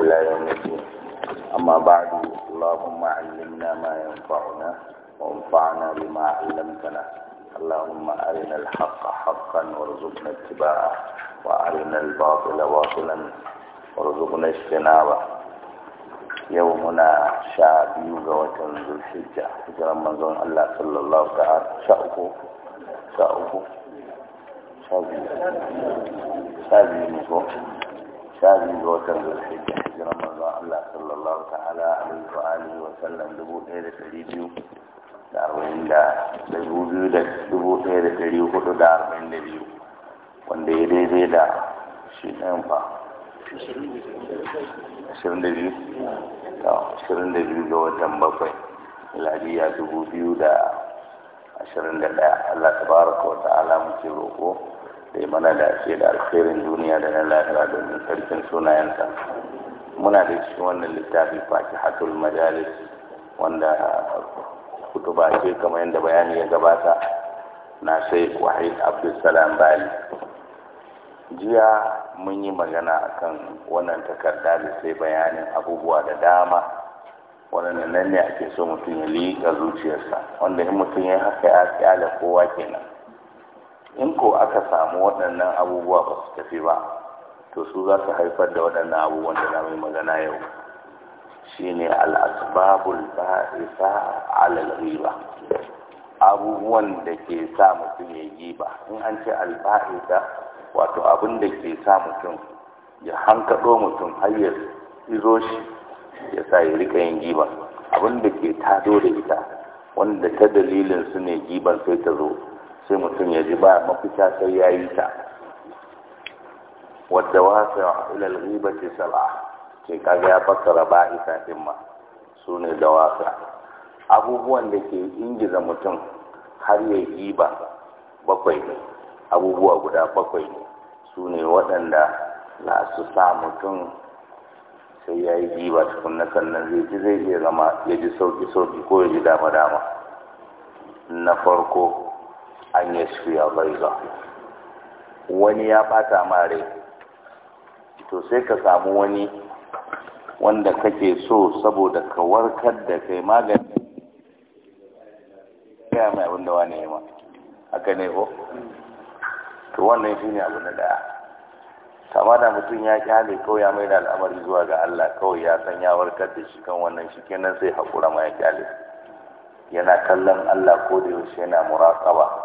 إلى يوم الدين أما بعد اللهم علمنا ما ينفعنا وانفعنا بما علمتنا اللهم أرنا الحق حقا وارزقنا اتباعه وأرنا الباطل باطلا وارزقنا اجتنابه يومنا شعبي وجوة ذو الحجة حجر منزون الله صلى الله تعالى شاؤه شاؤه شاؤه شاؤه shafi ga watan zulhijja hijiran manzon Allah sallallahu ta'ala alaihi wa alihi wa sallam dubu ɗaya da ɗari biyu da arba'in da dubu biyu da dubu ɗaya da ɗari hudu da arba'in da biyu wanda ya daidai da shi ɗayan fa ashirin da biyu ashirin da biyu ga watan bakwai miladiya dubu biyu da ashirin da ɗaya Allah tabaraka wa ta'ala muke roƙo da mana da ce da alkhairin duniya da na lahira domin sarkin sunayensa muna da cikin wannan littafi fatihatul majalis wanda kutuba ce kamar yadda bayani ya gabata na sai wahid abdulsalam bali jiya mun yi magana akan wannan takarda da sai bayanin abubuwa da dama wannan nan ne ake so mutum ya liƙa zuciyarsa wanda in mutum ya haka ya kyale kowa kenan in ko aka samu waɗannan abubuwa ba su tafi ba to su za su haifar da waɗannan abubuwan da na mai magana yau Shi shine al'asbabul ba'isa alal riba abubuwan da ke sa mutum ya yi ba in an ce alba'isa wato abin da ke sa mutum ya hankaɗo mutum har ya izo shi ya sa ya rika yin giba abin da ke tado da ita wanda ta dalilin su ne giban sai ta zo sai mutum ya ji ba mafita sai ya yi ta wadda wasa ilal ghibati sal'a ke kaga ya fassara ba isa din ma su ne da wasa abubuwan da ke ingiza mutum har ya yi ba bakwai ne abubuwa guda bakwai ne su ne waɗanda na su sa mutum sai ya yi jiba tukunna sannan zai ji zai iya zama ya ji sauki sauki ko ya ji dama dama na farko an yi yashfiya ghaiza wani ya bata ma rai to sai ka samu wani wanda kake so saboda ka warkar da kai magani ya mai abin da wani ma haka ne ko to wannan shine abu na daya kama da mutum ya kyale kawai ya da al'amari zuwa ga Allah kawai ya san ya warkar da shi kan wannan shi kenan sai haƙura ma ya kyale yana kallon Allah ko da yaushe yana muraƙaba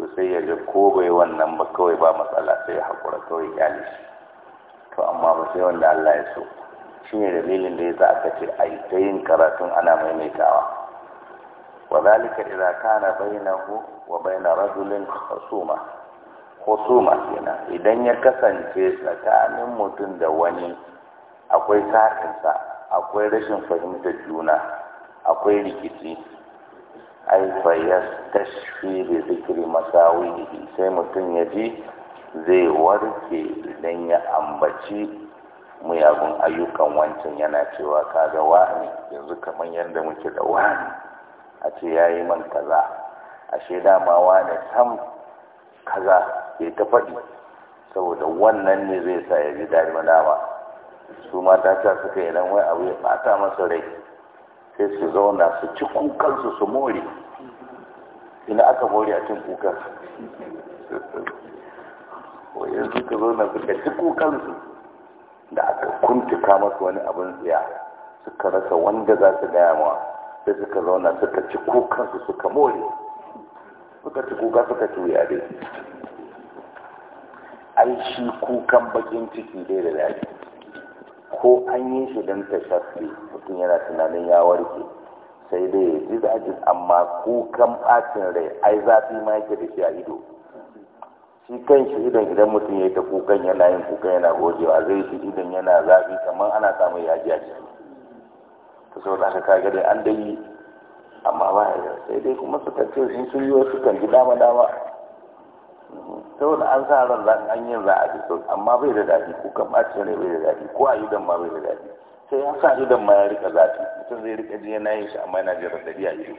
to sai ya ga ko bai wannan ba kawai ba matsala sai ya haƙura kawai kyale shi to amma ba sai wanda Allah ya so shi ne dalilin da ya za a ce a yi ta yin karatun ana maimaitawa wa zalika idza kana bainahu wa baina rajulin khusuma khusuma kenan idan ya kasance tsakanin mutum da wani akwai sakinsa akwai rashin fahimtar juna akwai rikici ya fa da zikiri masa masawihi sai mutum ya ji zai warke idan ya ambaci muyagun ayyukan wancan yana cewa kaga wani yanzu kamar yadda muke da wani a ce ya yi man kaza ashe ma wani sam kaza ke ta faɗi saboda wannan ne zai sa ya ji dama dama su mata ta suka idan wai abu ya ɓata masa rai sai su zauna su ci kukansu su more ina aka more a cin kukan wajen suka zauna suka ci kukansu da aka kuntuka masu wani abin tsiya suka rasa wanda za su gaya ma? sai suka zauna suka ci kukansu suka more suka ci kuka suka ci wuya dai ai shi kukan bakin ciki dai da daji ko an yi shi don tashafi mutum yana tunanin ya warke sai dai ya ji zafin amma kukan ɓacin rai ai zafi ma yake da shi a ido shi kan shi idan idan mutum ya yi ta kukan yana yin kukan yana gojewa zai shi idan yana zafi kamar ana samun yaji a ciki ta sau da aka kaga dai an dai amma ba ya sai dai kuma suka ce sun sun yi wasu kan ji dama dama da an sa ran an yin za a ji sau amma bai da daɗi kukan ɓacin rai bai da daɗi ko a idan ma bai da daɗi sai ya sa idan ma ya rika zafi mutum zai rika ji yana yin shi amma yana jin radadi a ido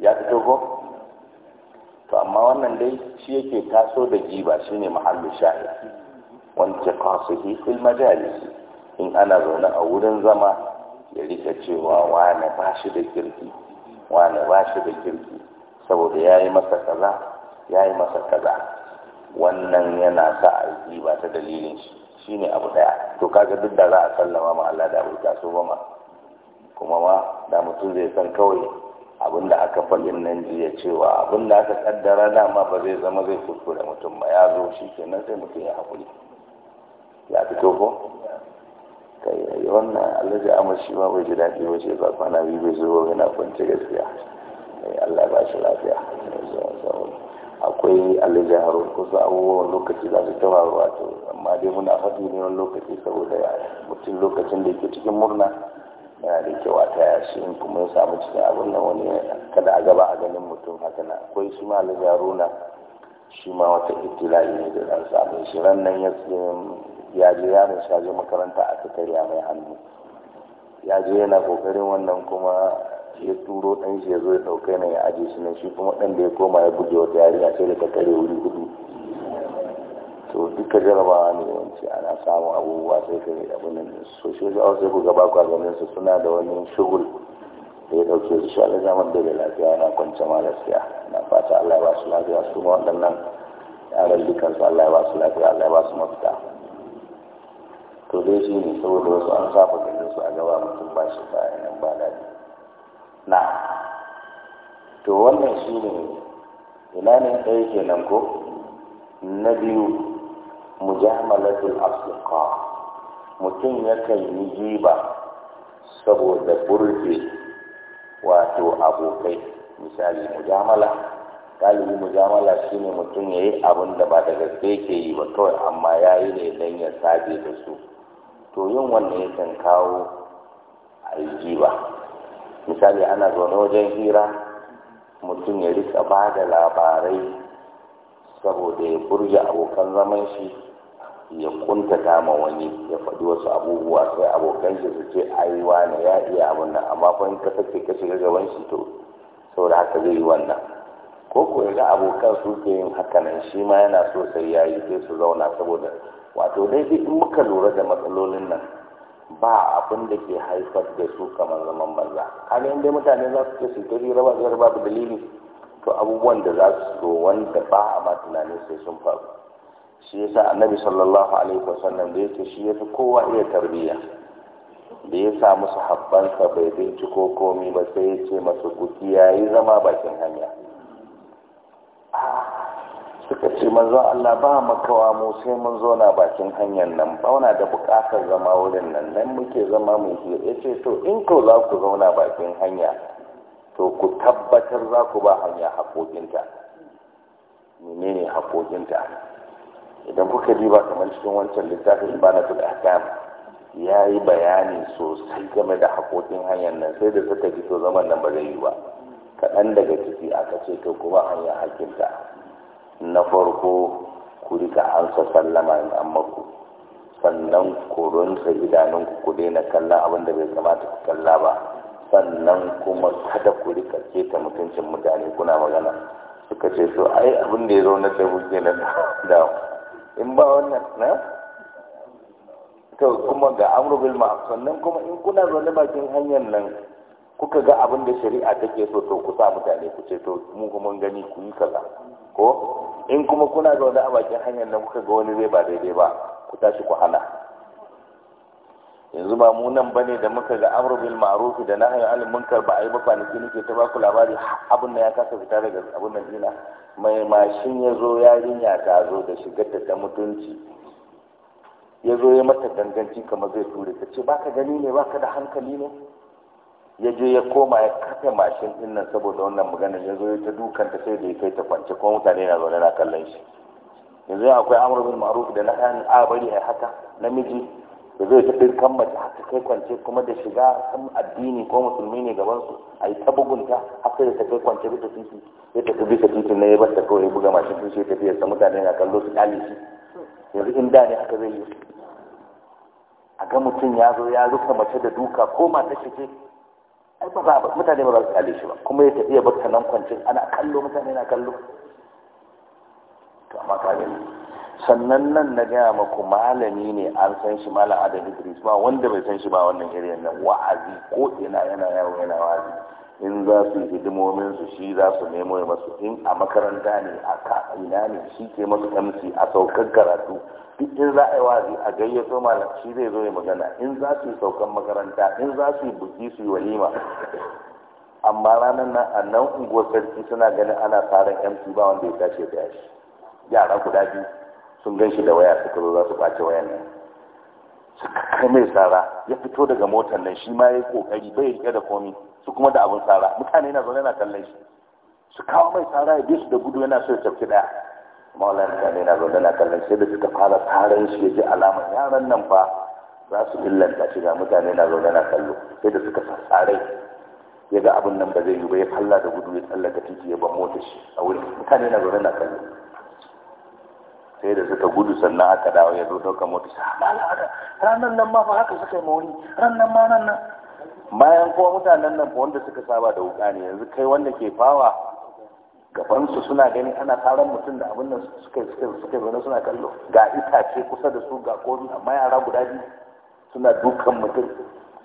ya fito ko to amma wannan dai shi yake taso da giba shine mahallu shahid wanda qasihi fil majalis in ana zaune a wurin zama ya rika cewa wane ba shi da kirki wane ba shi da kirki saboda yayi masa kaza yayi masa kaza wannan yana sa a giba ta dalilin shi shi ne abu daya to kaga duk da za a sallama ma Allah da abu so ba ma kuma ma da mutum zai san kawai abin da aka faɗin nan jiya cewa abin da aka kaddara ma ba zai zama zai kuskure mutum ba ya zo shi nan sai mutum ya haƙuri ya fito ko kai wannan alhaji amma shi ma bai ji daɗi ba ce ba kwana biyu bai zo ba yana kwance gaskiya Allah ba shi lafiya akwai alijaharun kusa abubuwan lokaci za su tawa wato amma dai muna faɗi ne wani lokaci saboda mutum lokacin da yake cikin murna yana da kyau a taya shi in kuma ya samu cikin abin nan wani kada a gaba a ganin mutum haka na akwai shi ma na shi ma wata ibtila'i ne da zan samu shi ran nan ya je yaron shi makaranta a karya mai hannu ya je yana kokarin wannan kuma ya turo ɗan shi ya zo ya ɗauka na ya aje shi nan shi kuma ɗan da ya koma ya buge wata yarinya sai da ta kare wuri hudu to duka jarabawa ne yawanci ana samun abubuwa sai ka yi abin nan so shi wasu awa sai ku gaba a ganin su suna da wani shugul da ya ɗauke su shi ala zaman da lafiya yana kwance ma gaskiya na fata Allah ya ba su lafiya su ma waɗannan yaran su Allah ya ba su lafiya Allah ya ba su mafita to dai shi ne saboda wasu an safa ganin su a gaba mutum ba shi bayan nan ba daɗi na to wannan shi ne ina ne ɗaya kenan ko na biyu mujamalatul asliqa mutum yakan yi giba saboda burge wato abokai misali mujamala galibi mujamala shine mutum ya yi abin da ba da gaske ke yi ba kawai amma ya yi ne don ya sabe da su to yin wannan yakan kawo a yi jiba. misali ana zaune wajen hira mutum ya rika ba da labarai saboda ya burge abokan zaman shi ya kuntata ma wani ya faɗi wasu abubuwa sai abokan shi su ce aiwa na ya iya abin nan amma fa in ka sake ka shiga gaban shi to saboda haka zai yi wannan ko ko ga abokan su ke yin haka nan shi ma yana so sai yayi sai su zauna saboda wato dai duk in muka lura da matsalolin nan ba abin da ke haifar da su kamar zaman banza kaga inda mutane za su ce su ta hira ba babu dalili to abubuwan da za su zo wanda ba a ma tunanin sai sun faru shi ya sa annabi sallallahu alaihi wasallam da yake shi ya fi kowa iya tarbiyya da ya sa musu sahabbansa bai ko komi ba sai ya ce masu kuki ya yi zama bakin hanya A. Ah, suka ce manzon Allah ba makawa mu sai mun zauna bakin hanyar nan ba wana da bukatar zama wurin nan nan muke zama mu hira ya ce to in ko za ku zauna bakin hanya to ku tabbatar za ku ba hanya haƙoƙinta menene haƙoƙinta idan kuka diba kamar cikin wancan littafin bana tul ahkam ya yi bayani sosai game da haƙoƙin hanyar nan sai da suka ji to zaman nan ba zai yi ba kaɗan daga ciki aka ce to kuma hanya hakinta na farko ku rika sa sallama in an maku sannan ku rinsa idanun ku ku daina kalla abin da bai kamata ku kalla ba sannan kuma kada ku rika keta mutuncin mutane kuna magana suka ce so ai abin da ya zo na da kuke na da in ba wannan na to kuma ga amru bil ma'ruf sannan kuma in kuna zaune bakin hanyar nan kuka ga abin da shari'a take so to ku sa mutane ku ce to mu kuma gani ku yi kaza ko in kuma kuna zaune a bakin hanyar da kuka ga wani zai ba daidai ba ku tashi ku hana yanzu ba mu nan ba ne da muka ga amru bil ma'ruf da nahyi anil munkar ba a yi ba kwanaki nake ta baku labari abin nan ya kasa fita daga abin nan dina mai mashin ya zo yarinya ta zo da shigar da ta mutunci ya zo ya mata danganci kamar zai ture ta ce baka gani ne baka da hankali ne ya je ya koma ya kafe mashin din nan saboda wannan magana ya zo ta dukan ta sai da ya kai ta kwance kuma mutane na zaune na kallon shi yanzu akwai amru bin ma'ruf da na kan abari a haka namiji da zai ta dirkan mace ta kai kwance kuma da shiga san addini ko musulmi ne gaban su ai ta bugunta haka ya ta kai kwance bisa titi ya tafi bisa titi na ya bar ta kawai ya buga mashin din sai ya tafi mutane na kallo su kyale shi yanzu in da ne haka zai yi a ga mutum ya zo ya rufe mace da duka ko mata shi ce ai ba za mutane ba za su kale shi ba kuma ya tafiya ba ta nan kwancin ana kallo mutane na kallo to amma ka sannan nan na gaya maku malami ne an san shi malam adam idris ba wanda bai san shi ba wannan irin nan wa'azi ko ina yana yawo yana wa'azi in za su yi hidimomin su shi za su nemo ya masu in a makaranta ne a ka ina ne shi ke masu kamci a saukar karatu duk in za a yi wazi a gayyato malam shi zai zo ya magana in za su yi saukan makaranta in za su yi buki su yi walima amma ranar nan a nan unguwar sarki suna ganin ana tsarin mc ba wanda ya tashi ya shi yara guda biyu sun gan shi da waya suka zo za su ɓace wayan nan suka kai mai tsara ya fito daga motar nan shi ma ya yi kokari bai rike da komi su kuma da abin tsara mutane na zaune na kallon shi su kawo mai tsara ya su da gudu yana so ya tafi daya maula mutane na zaune na kallon shi da suka fara taron shi ya ji alamar yaran nan fa za su illanta shi ga mutane na zaune na kallo sai da suka tsare ya ga abin nan ba zai yi ba ya falla da gudu ya tsallaka titi ya ban mota shi a wurin mutane na zaune na kallo sai da suka gudu sannan aka dawo ya zo ɗaukar mota shi ranar nan ma fa haka suka yi mawuni ranar ma nan nan bayan kuma mutanen nan wanda suka saba da wuka ne yanzu kai wanda ke fawa gabansu suna gani ana taron mutum da abin nan suka suka zaune suna kallo ga itace kusa da su ga komi amma yara guda biyu suna dukan mutum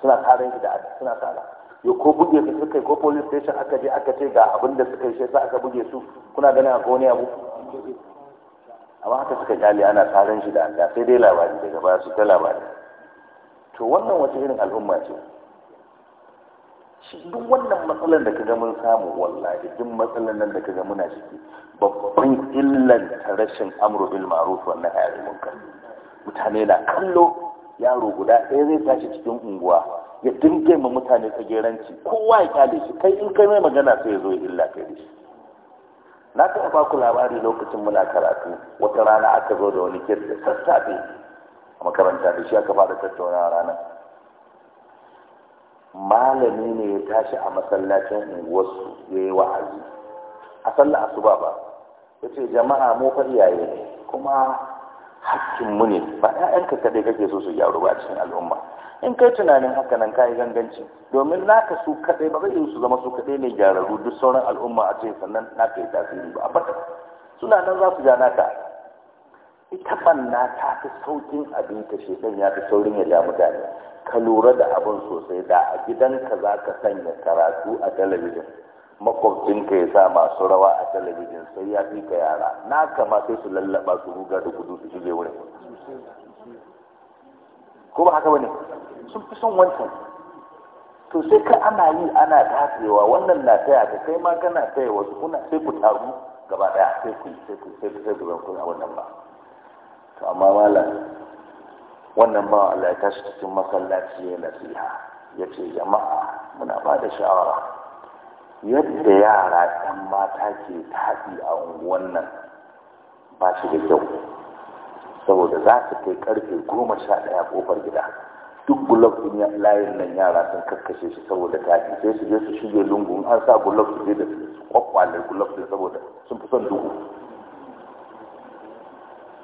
suna taron shi da suna tsara yo ko buge su suka ko police station aka je aka ce ga abin da suka yi shi aka buge su kuna ganin a wani abu amma haka suka kyale ana taron shi da anda sai dai labari daga baya su ta labari to wannan wata irin al'umma ce shi duk wannan matsalar da kaga mun samu wallahi duk matsalar nan da kaga muna ciki babban illan ta rashin amru bil ma'ruf wa nahy anil munkar mutane na kallo yaro guda ɗaya zai tashi cikin unguwa ya dinga ma mutane tsageranci kowa ya kyale shi kai in kai mai magana sai ya zo ya illa kai da na taɓa ba labari lokacin muna karatu wata rana aka zo da wani kirki sassafe a makaranta da shi aka fara tattaunawa ranar malami ne ya tashi a masallacin unguwarsu ya yi wa'azi a sallar asuba ba ya ce jama'a mu fa iyaye ne kuma hakkinmu ne ba 'ya'yanka kaɗai kake so su gyaru ba a cikin al'umma in kai tunanin haka nan kayi ganganci domin naka su kadai ba zai yi su zama su kaɗai ne gyararru duk sauran al'umma a ce sannan naka yi tasiri ba a bata suna nan za su ja naka ita banna ta fi saukin abin ta shedan ya fi saurin ya ja mutane ka lura da abin sosai da a gidanka za ka sanya karatu a talabijin makwabcinka ya sa masu rawa a talabijin sai ya fi ka yara na kama sai su lallaba su ruga da gudu su shige wurin ko ba haka bane sun fi son wancan to sai ka ana yi ana tasewa wannan na taya ka kai ma kana taya wasu kuna sai ku taru gaba daya sai ku sai ku sai ku sai ku ku sai wannan ba to amma malam wannan ba Allah ya tashi cikin masallaci ya nasiha ya ce jama'a muna ba da shawara yadda yara ɗan mata ke tafi a unguwan nan ba shi da kyau saboda za su kai karfe goma sha ɗaya kofar gida duk gulob ɗin layin nan yara sun kakkashe shi saboda tafi sai su je su shige lungu an sa gulob su je da su kwakwalar gulob din saboda sun fi son duhu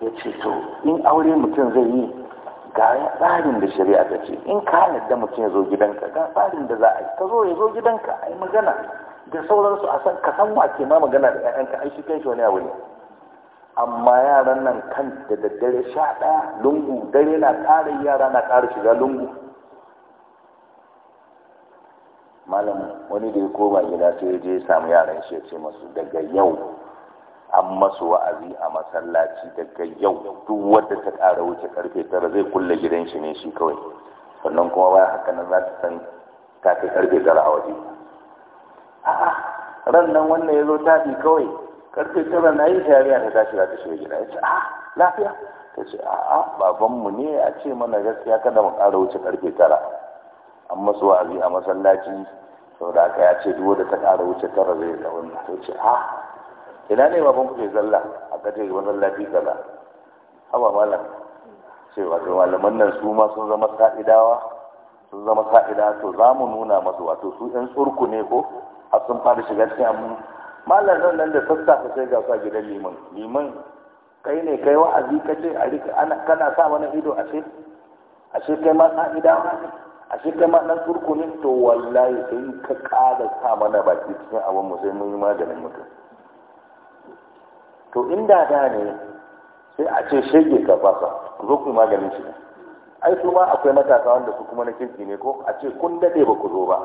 ya ce to in aure mutum zai yi ga tsarin da shari'a ta ce in ka yarda mutum ya zo gidanka ga tsarin da za a yi ka zo ya zo gidanka a yi magana da sauransu a san ka san ke ma magana da 'ya'yanka ai shi kai shi wani abu amma yaran nan kan da daddare sha ɗaya lungu dare na ƙara yara na ƙara shiga lungu malam wani da ya koma gida sai ya je samu yaran shi ya ce masu daga yau an masu wa'azi a masallaci daga yau duk wadda ta ƙara wuce karfe tara zai kulle gidan shi ne shi kawai sannan kuma bayan haka nan za ta san ta kai karfe tara a waje a'a ran nan wannan ya zo tafi kawai karfe tara na yi shari'a ta tashi za ta shiga gida ya ce a lafiya ta ce a'a babanmu ne a ce mana gaskiya kada mu ƙara wuce karfe tara an masu wa'azi a masallaci saboda haka ya ce duk wadda ta ƙara wuce tara zai zaune ta ce a ina ne ma kuke zalla a kace ga wannan lafi zalla haba malam sai wato malaman nan su ma sun zama sa'idawa sun zama sa'ida to za mu nuna masu wato su ɗan tsurku ne ko a sun fara shiga cikin amma malam nan nan da sassafe sai ga sa gidan liman liman kai ne kai wa'azi ka ce a rika ana kana sa mana ido a a ashe kai ma sa'idawa ne ashe kai ma ɗan tsurku ne to wallahi sai ka ƙara sa mana baki cikin abin mu sai mun yi maganin mutum to inda da ne sai a ce shege ka fasa ku zo ku maganin shi ai su ma akwai matasa wanda su kuma na kirki ne ko a ce kun dade ba ku zo ba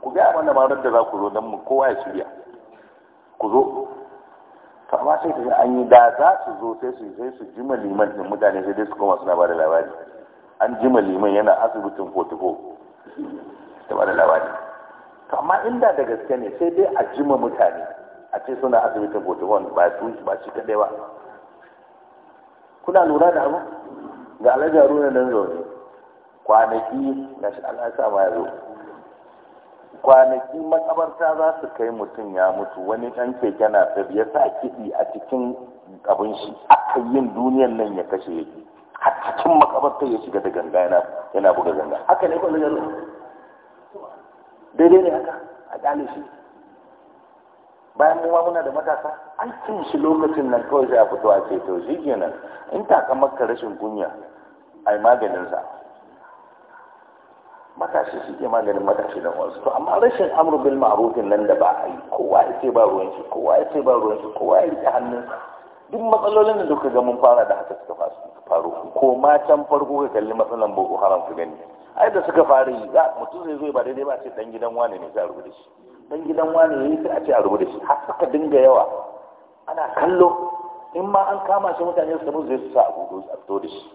ku ga mana ma da za ku zo dan mu kowa ya shirya ku zo to amma sai kaga an yi da za su zo sai su sai su jima liman din mutane sai dai su koma suna bada labari an jima liman yana asibitin da ta bada labari to amma inda da gaske ne sai dai a jima mutane a ce suna asibitin wani ba su ba shi kaɗai ba kuna lura da abu ga alhaji haruna nan zaune kwanaki na shi alhasa ma ya zo kwanaki makabarta za su kai mutum ya mutu wani ɗan keke na ya sa kiɗi a cikin abin shi aka yin duniyan nan ya kashe yake a cikin makabarta ya shiga da ganga yana buga ganga haka ne kwallon daidai ne haka a gane shi bayan mu ma muna da matasa an cin shi lokacin nan kawai sai a fito a ce to shi kenan in ta ka rashin kunya ai sa matashi shi ke maganin matashi da wasu to amma rashin amru bil ma'rufin nan da ba a yi kowa ya ce ba ruwan shi kowa ya ce ba ruwan shi kowa ya rike hannun duk matsalolin da duka ga mun fara da haka suka faru ko ma can farko ka kalli matsalan boko haram su gani ai da suka fara yi za mutum zai zo ba daidai ba ce dan gidan wani ne za a rubuta shi dan gidan wani yayi sai a ce a rubu da shi har suka dinga yawa ana kallo in ma an kama shi mutane su mu zai su sa abu a fito da shi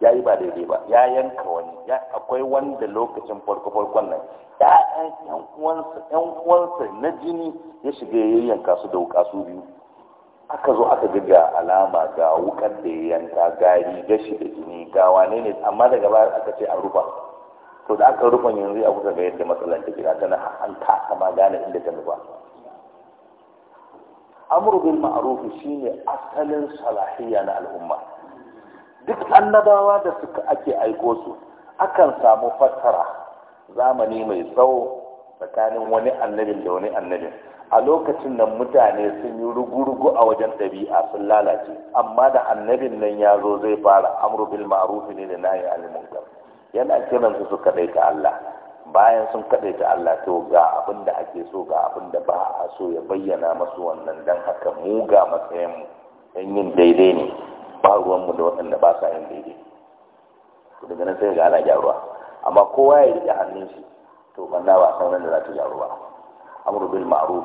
ya yi ba daidai ba ya yanka wani ya akwai wanda lokacin farko farkon nan ya'yan yan uwansa yan uwansa na jini ya shiga ya yanka su da wuka su biyu aka zo aka ga ga alama ga wukar da ya yanka gari gashi da jini ga wane ne amma daga baya aka ce a rufa to da aka rufe yanzu a kusa ga yadda matsalar ta gida tana an ta sama gane inda ta nufa amru ma'arufi shi ne asalin salahiyya na al'umma duk annabawa da suka ake aiko su akan samu fassara zamani mai tsawo tsakanin wani annabin da wani annabin a lokacin nan mutane sun yi rugu-rugu a wajen ɗabi'a sun lalace amma da annabin nan ya zo zai fara amurbin ma'arufi ne da nahi anil gaba yana kiran su su kaɗaita Allah bayan sun ta Allah to ga abin da ake so ga abin da ba a so ya bayyana masu wannan dan haka mu ga matsayin mu dan yin daidai ne ba ruwanmu da waɗanda ba sa yin daidai daga nan sai ga ana gyaruwa amma kowa ya riƙe hannun shi to banna ba san da za ta gyaru ba amru bil ma'ruf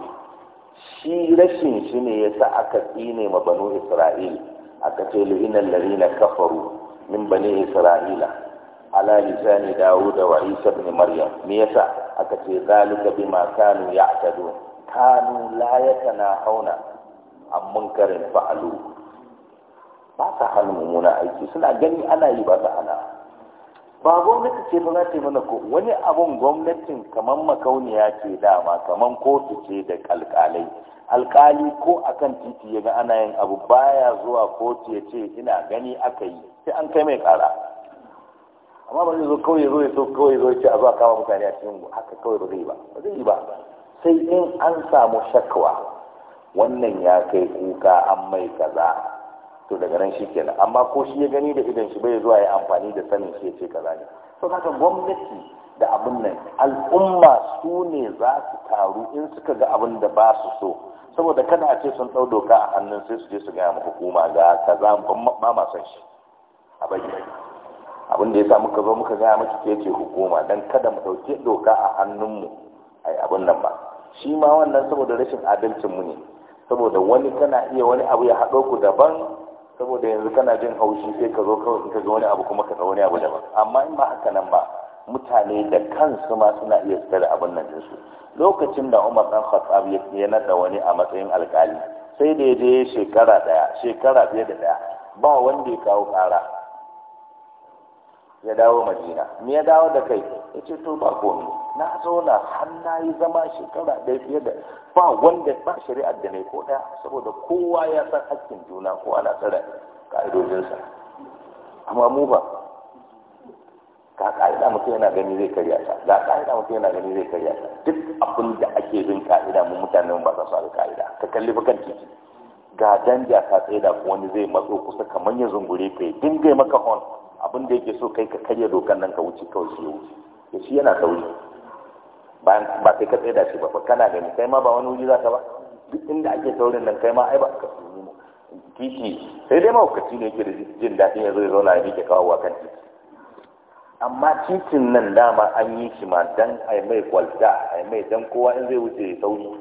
shi rashin shi ne yasa aka tsine ma banu isra'il aka ce li ladina kafaru min bani isra'ila ala lisani dawud wa isa ibn maryam me yasa aka ce zalika bima kanu ya'tadu kanu la hauna, an munkarin fa'alu ba sa hana mummuna aiki suna gani ana yi ba sa hana ba gwamnati ce ba ta mana ko wani abun gwamnatin kamar makauniya ce dama kamar kotu ce da alkalai alkali ko akan titi ya ga ana yin abu baya zuwa kotu ya ce ina gani aka yi sai an kai mai kara amma ba zai zo kawai zo ya kawai zo ce a zuwa kama mutane a cikin haka kawai ba zai ba ba zai ba sai in an samu shakwa wannan ya kai kuka an mai kaza to daga nan shi kenan amma ko shi ya gani da idan shi bai zuwa ya amfani da sanin shi ya ce kaza ne to haka gwamnati da abin nan al'umma su ne za su taru in suka ga abin da ba su so saboda kada a ce sun ɗau doka a hannun sai su je su gaya ma hukuma ga kaza ban ma ma son shi a bayyana abin da ya sa muka zo muka gaya maki ke ce hukuma don kada mu ɗauke doka a hannunmu a yi abin nan ba shi ma wannan saboda rashin adalcinmu ne saboda wani kana iya wani abu ya haɗo ku daban saboda yanzu kana jin haushi sai ka zo kawai ka ga wani abu kuma ka ga wani abu daban amma in ba haka nan ba mutane da kansu ma suna iya tsare da abin nan dinsu lokacin da Umar dan Khattab ya nada wani a matsayin alkali sai da ya je shekara daya shekara fiye da daya ba wanda ya kawo ƙara. ya dawo madina me ya dawo da kai ya ce to ba komi na zauna har na yi zama shekara ɗaya fiye da ba wanda ba shari'ar da ne ko ɗaya saboda kowa ya san hakkin juna ko ana tsara ka'idojinsa amma mu ba ga ka'ida mutum yana gani zai karya ta ga ka'ida mutum yana gani zai karya ta duk abin da ake bin ka'ida mu mutanen ba sa su ka'ida ka kalli bakan titi ga danja ta tsaye da wani zai matso kusa kamar ya zungure kai dinga maka hon abin da yake so kai ka karya dokan nan ka wuce kawai shi ya wuce shi yana sauri bayan ba kai ka tsaye da shi ba kana gani kai ma ba wani wuri za ka ba duk inda ake saurin nan kai ma ai ba ka kishi sai dai mahaukaci ne yake da jin daɗin ya zo ya zauna ya ke kawo wa kan titi amma titin nan dama an yi shi ma dan ai mai kwalta ai mai dan kowa in zai wuce ya sauri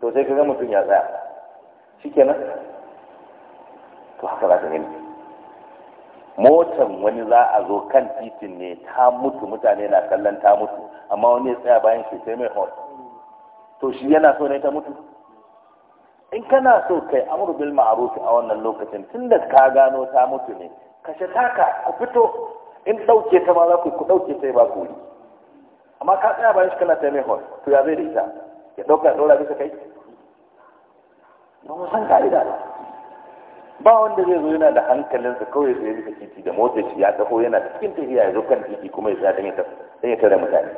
to sai ka ga mutum ya tsaya shikenan to haka za ka gani motan wani za a zo kan titin ne ta mutu mutane na kallon ta mutu amma wani ya tsaya bayan shi sai mai hot to shi yana so ne ta mutu in kana so kai amur bil ma'ruf a wannan lokacin tunda ka gano ta mutu ne kashe taka ku fito in dauke ta ma za ku ku dauke ta ba ku amma ka tsaya bayan shi kana ta mai hot to ya zai da ita ya dauka dora bisa kai ba mu san ka'ida ba ba wanda zai zo yana da hankalinsa kawai zai rufe titi da motsa shi ya taho yana cikin tafiya ya zo kan titi kuma ya tsaya dan ya da mutane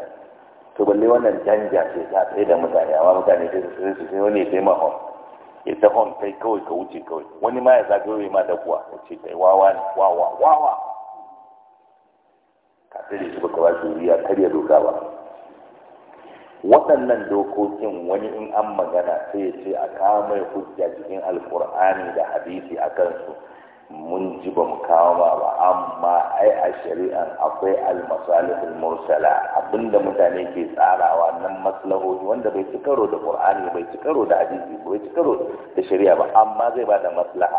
to balle wannan canja ce ta tsaye da mutane amma mutane sai su su sai wani ya sai ma hon ya ta hon kai kawai ka wuce kawai wani ma ya zagayo ma da kuwa ya ce kai wawa ne wawa wawa ka tsare shi baka ba shi wuri ya karya doka ba waɗannan dokokin wani in an magana sai ce a kawo mai hujja cikin alkur'ani da hadisi a kansu mun ji ba mu kawo ba amma ai a shari'an akwai almasalihul mursala abinda mutane ke tsarawa nan maslahohi wanda bai ci karo da qur'ani bai ci karo da hadisi bai ci karo da shari'a ba amma zai ba da maslaha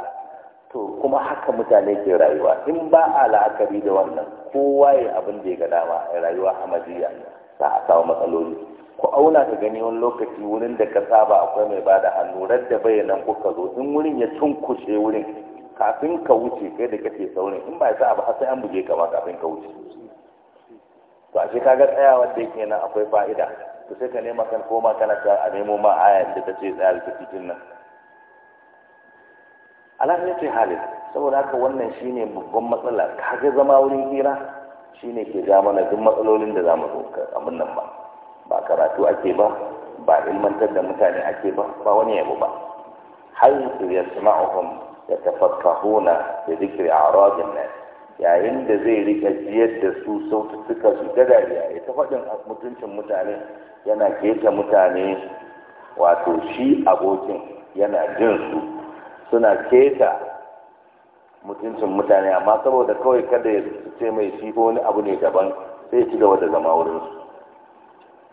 to kuma haka mutane ke rayuwa in ba a la'akari da wannan kowa ya abin da ya ga dama a rayuwa hamadiya za a samu matsaloli ku auna ka gani wani lokaci wurin da ka saba akwai mai bada hannu da bayanan kuka zo in wurin ya cunkushe wurin kafin ka wuce kai da kake saurin in ba sa abu har sai an buge ka ma kafin ka wuce to ashe kaga tsayawa da yake nan akwai fa'ida to sai ka nema kan koma kana ta a nemo ma aya da ta ce tsaya da cikin nan alhamdulillah halin saboda haka wannan shine babban matsala kaga zama wurin hira shine ke ja mana duk matsalolin da za zo abin nan ba ba karatu ake ba ba ilmantar da mutane ake ba ba wani yabo ba hal yasma'uhum yatafakkahuna bi dhikri a'radin nas yayin da zai rika jiyar da su sautuka su ta dariya ya ta faɗin mutuncin mutane yana keta mutane wato shi abokin yana jin su suna keta mutuncin mutane amma saboda kawai kada ya ce mai shi ko wani abu ne daban sai ci gaba da zama wurinsu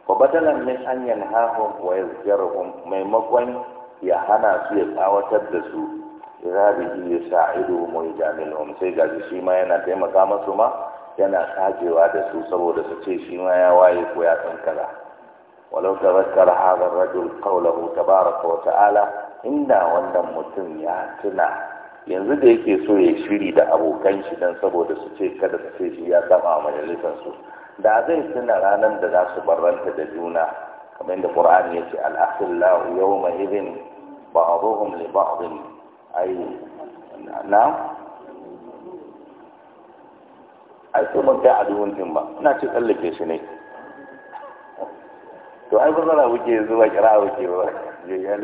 fa badalan min an yanhahum wa maimakon ya hana su ya tsawatar da su idza ya sha ido mai sai ga shi ma yana taimaka masu ma yana kajewa da su saboda su ce shi ma ya waye ko ya san kaza walau tazakkara hadha ar-rajul qawluhu tabaraka wa ta'ala inda wannan mutum ya tuna yanzu da yake so ya shiri da abokan shi dan saboda su ce kada su ce shi ya saba majalisar su دا سنة غانم دا داس برن تدجونا كما عند القرآن يسي الأخلاء يومئذ بعضهم لبعض أي نعم أي ثم تعدون هم ناتي قلت يسني تو أي بطلع وجي زواج راوكي وجي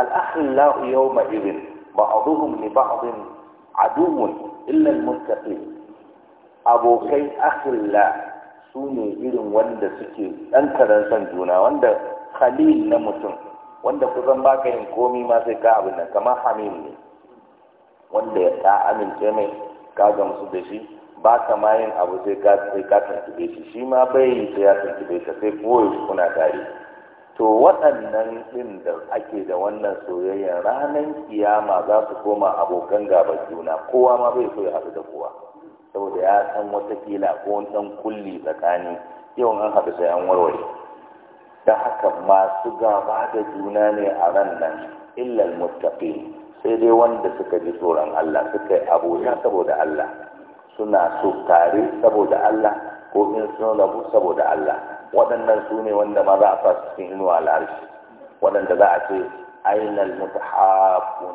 الأخلاء يومئذ بعضهم لبعض عدو إلا المتقين abokai Akilla su ne irin wanda suke ɗan karen son juna wanda khalil na mutum wanda kusan baka yin komi ma sai ka abin nan kamar hamim ne wanda ya ta amince mai ka gamsu da shi ba ka ma yin abu sai ka sai ka tantube shi shi ma bai yi sai ya tantube ka sai koyo kuna tare to waɗannan ɗin da ake da wannan soyayyen, ranar kiyama za su koma abokan gaban juna kowa ma bai so ya haɗu da kowa saboda ya san watakila ko wani ɗan kulli tsakani yawan an haɗu sai an warware da haka masu gaba da juna ne a ran nan illal muttaqi sai dai wanda suka ji tsoron Allah suka yi abota saboda Allah suna so tare saboda Allah ko in sun saboda Allah waɗannan su ne wanda ma za a sa su cikin inuwa al'arshi waɗanda za a ce ainal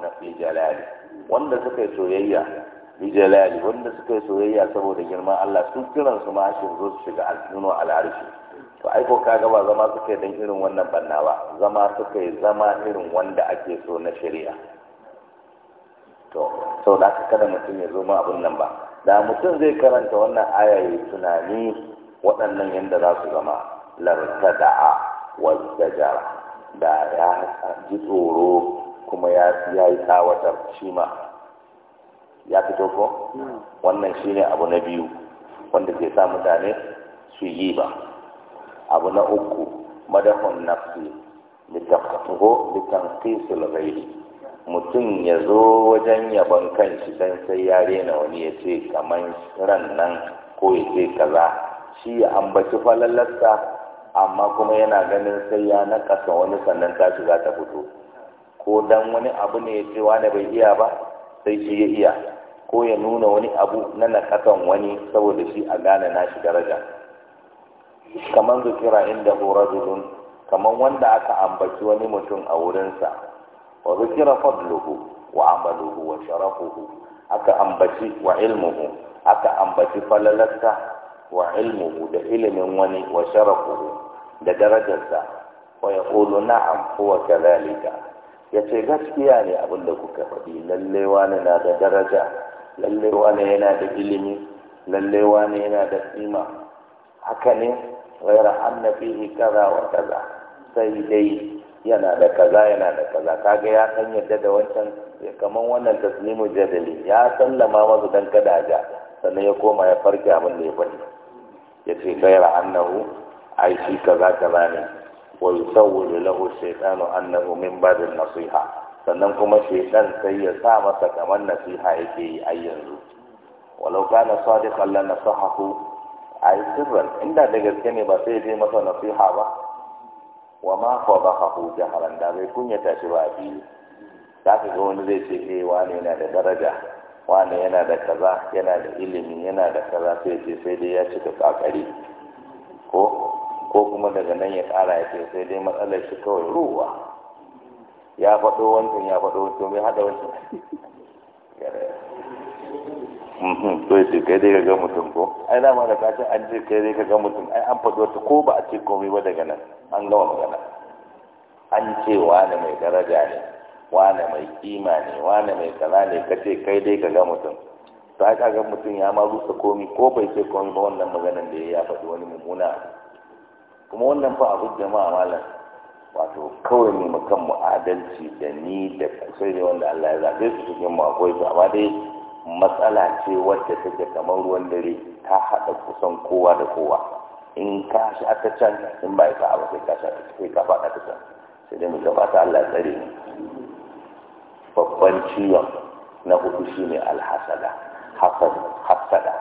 na fi jalali wanda suka yi soyayya li jalali wanda suka yi soyayya saboda girman Allah sun kiran su ma shi zo su shiga al al'arshi to ai ko kaga ba zama suka yi dan irin wannan banna ba zama suka yi zama irin wanda ake so na shari'a to sau da aka kada mutum ya zo ma abin nan ba da mutum zai karanta wannan aya ya tunani waɗannan yadda za su zama a wazzajara da ya ji tsoro kuma ya yi tsawatar shi ma ya fito ko wannan shine abu na biyu wanda zai sa mutane su yi ba abu na uku madahun nafsi litakatugo litanqisul ghairi mutum ya zo wajen yabon kanshi dan sai ya rena wani ya ce kaman ran nan ko ya ce kaza shi ambaci falalasta, amma kuma yana ganin sai ya nakasa wani sannan tashi za ta fito ko dan wani abu ne ya ce wani bai iya ba sai shi ya iya ko ya nuna wani abu na nakatan wani saboda shi a gane nashi daraja kamar zukira inda rajulun kamar wanda aka ambaci wani mutum a wurinsa wa zukira fadluhu wa amaluhu wa sharafuhu aka ambaci wa ilmuhu aka ambaci falalarsa wa ilmuhu da ilimin wani wa sharafuhu da darajarsa wa yaqulu na'am huwa kadhalika ya ce gaskiya ne abin da kuka faɗi Lallewa wani na da daraja lallai wani yana da ilimi Lallewa wani yana da tsima. haka ne ghaira anna fihi kaza wa kaza sai dai yana da kaza yana da kaza kaga ya san yadda da wancan kaman wannan taslimu jadali ya sallama masu dan kadaja sannan ya koma ya farke abin da ya faɗi ya ce ghaira annahu ai shi kaza kaza ne wa yusawwilu lahu shaytanu annahu min ba'dil nasiha sannan kuma shaytan sai ya sa masa kamar nasiha yake yi a yanzu walau kana sadiqan la nasahahu ay sirran inda da gaske ne ba sai dai masa nasiha ba wa ma fadahahu jaharan da bai kunyata shi ba a fili zaka ga wani zai ce eh wani yana da daraja wani yana da kaza yana da ilimi yana da kaza sai ce sai dai ya cika kakari ko ko kuma daga nan ya ƙara ya ce sai dai matsalar shi kawai ruwa ya faɗo wancan ya faɗo wancan mai haɗa wancan mhm, to ce kai dai ka ga mutum ko ai ma da kacin an ce kai dai ka ga mutum ai an faɗo ta ko ba a ce komai ba daga nan an gama magana an ce wane mai daraja ne wane mai kima ne wane mai kaza ne ka ce kai dai ka ga mutum to ai ka ga mutum ya ma rusa komi ko bai ce komai ba wannan maganan da ya faɗi wani mummuna kuma wannan fa abu jama'a malam wato kawai ne mukan mu adalci da ni da sai da wanda Allah ya zabe su cikin mu akwai su amma dai matsala ce wacce take kamar ruwan dare ta haɗa kusan kowa da kowa in ka sha ta can in ba ita abu sai ka sha sai ka faɗa ka can sai dai mu gabata Allah tsare ni babban ciwon na hudu ne alhasada hasad hasada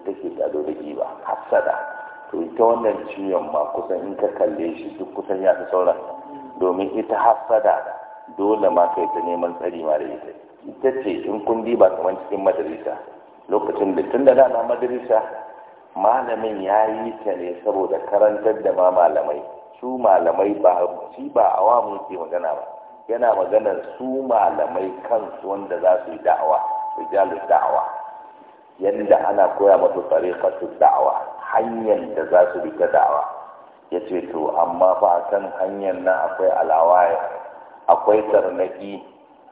ita ke gado da giba hasada to ita wannan ciwon ma kusan in ka kalle shi duk kusan ya fi sauran domin ita hassada dole ma kai ta neman tsari ma da ita ita ce in kun diba kamar cikin madarisa lokacin da tun da dama madarisa malamin ya yi ta ne saboda karantar da ma malamai su malamai ba shi ba awamu ke magana ba yana maganar su malamai kansu wanda za su yi da'awa rijalul da'awa yadda ana koya musu tariqatul da'awa hanyar da za su bi dawa ya ce to amma ba kan hanyar nan akwai alawaya akwai tarnaki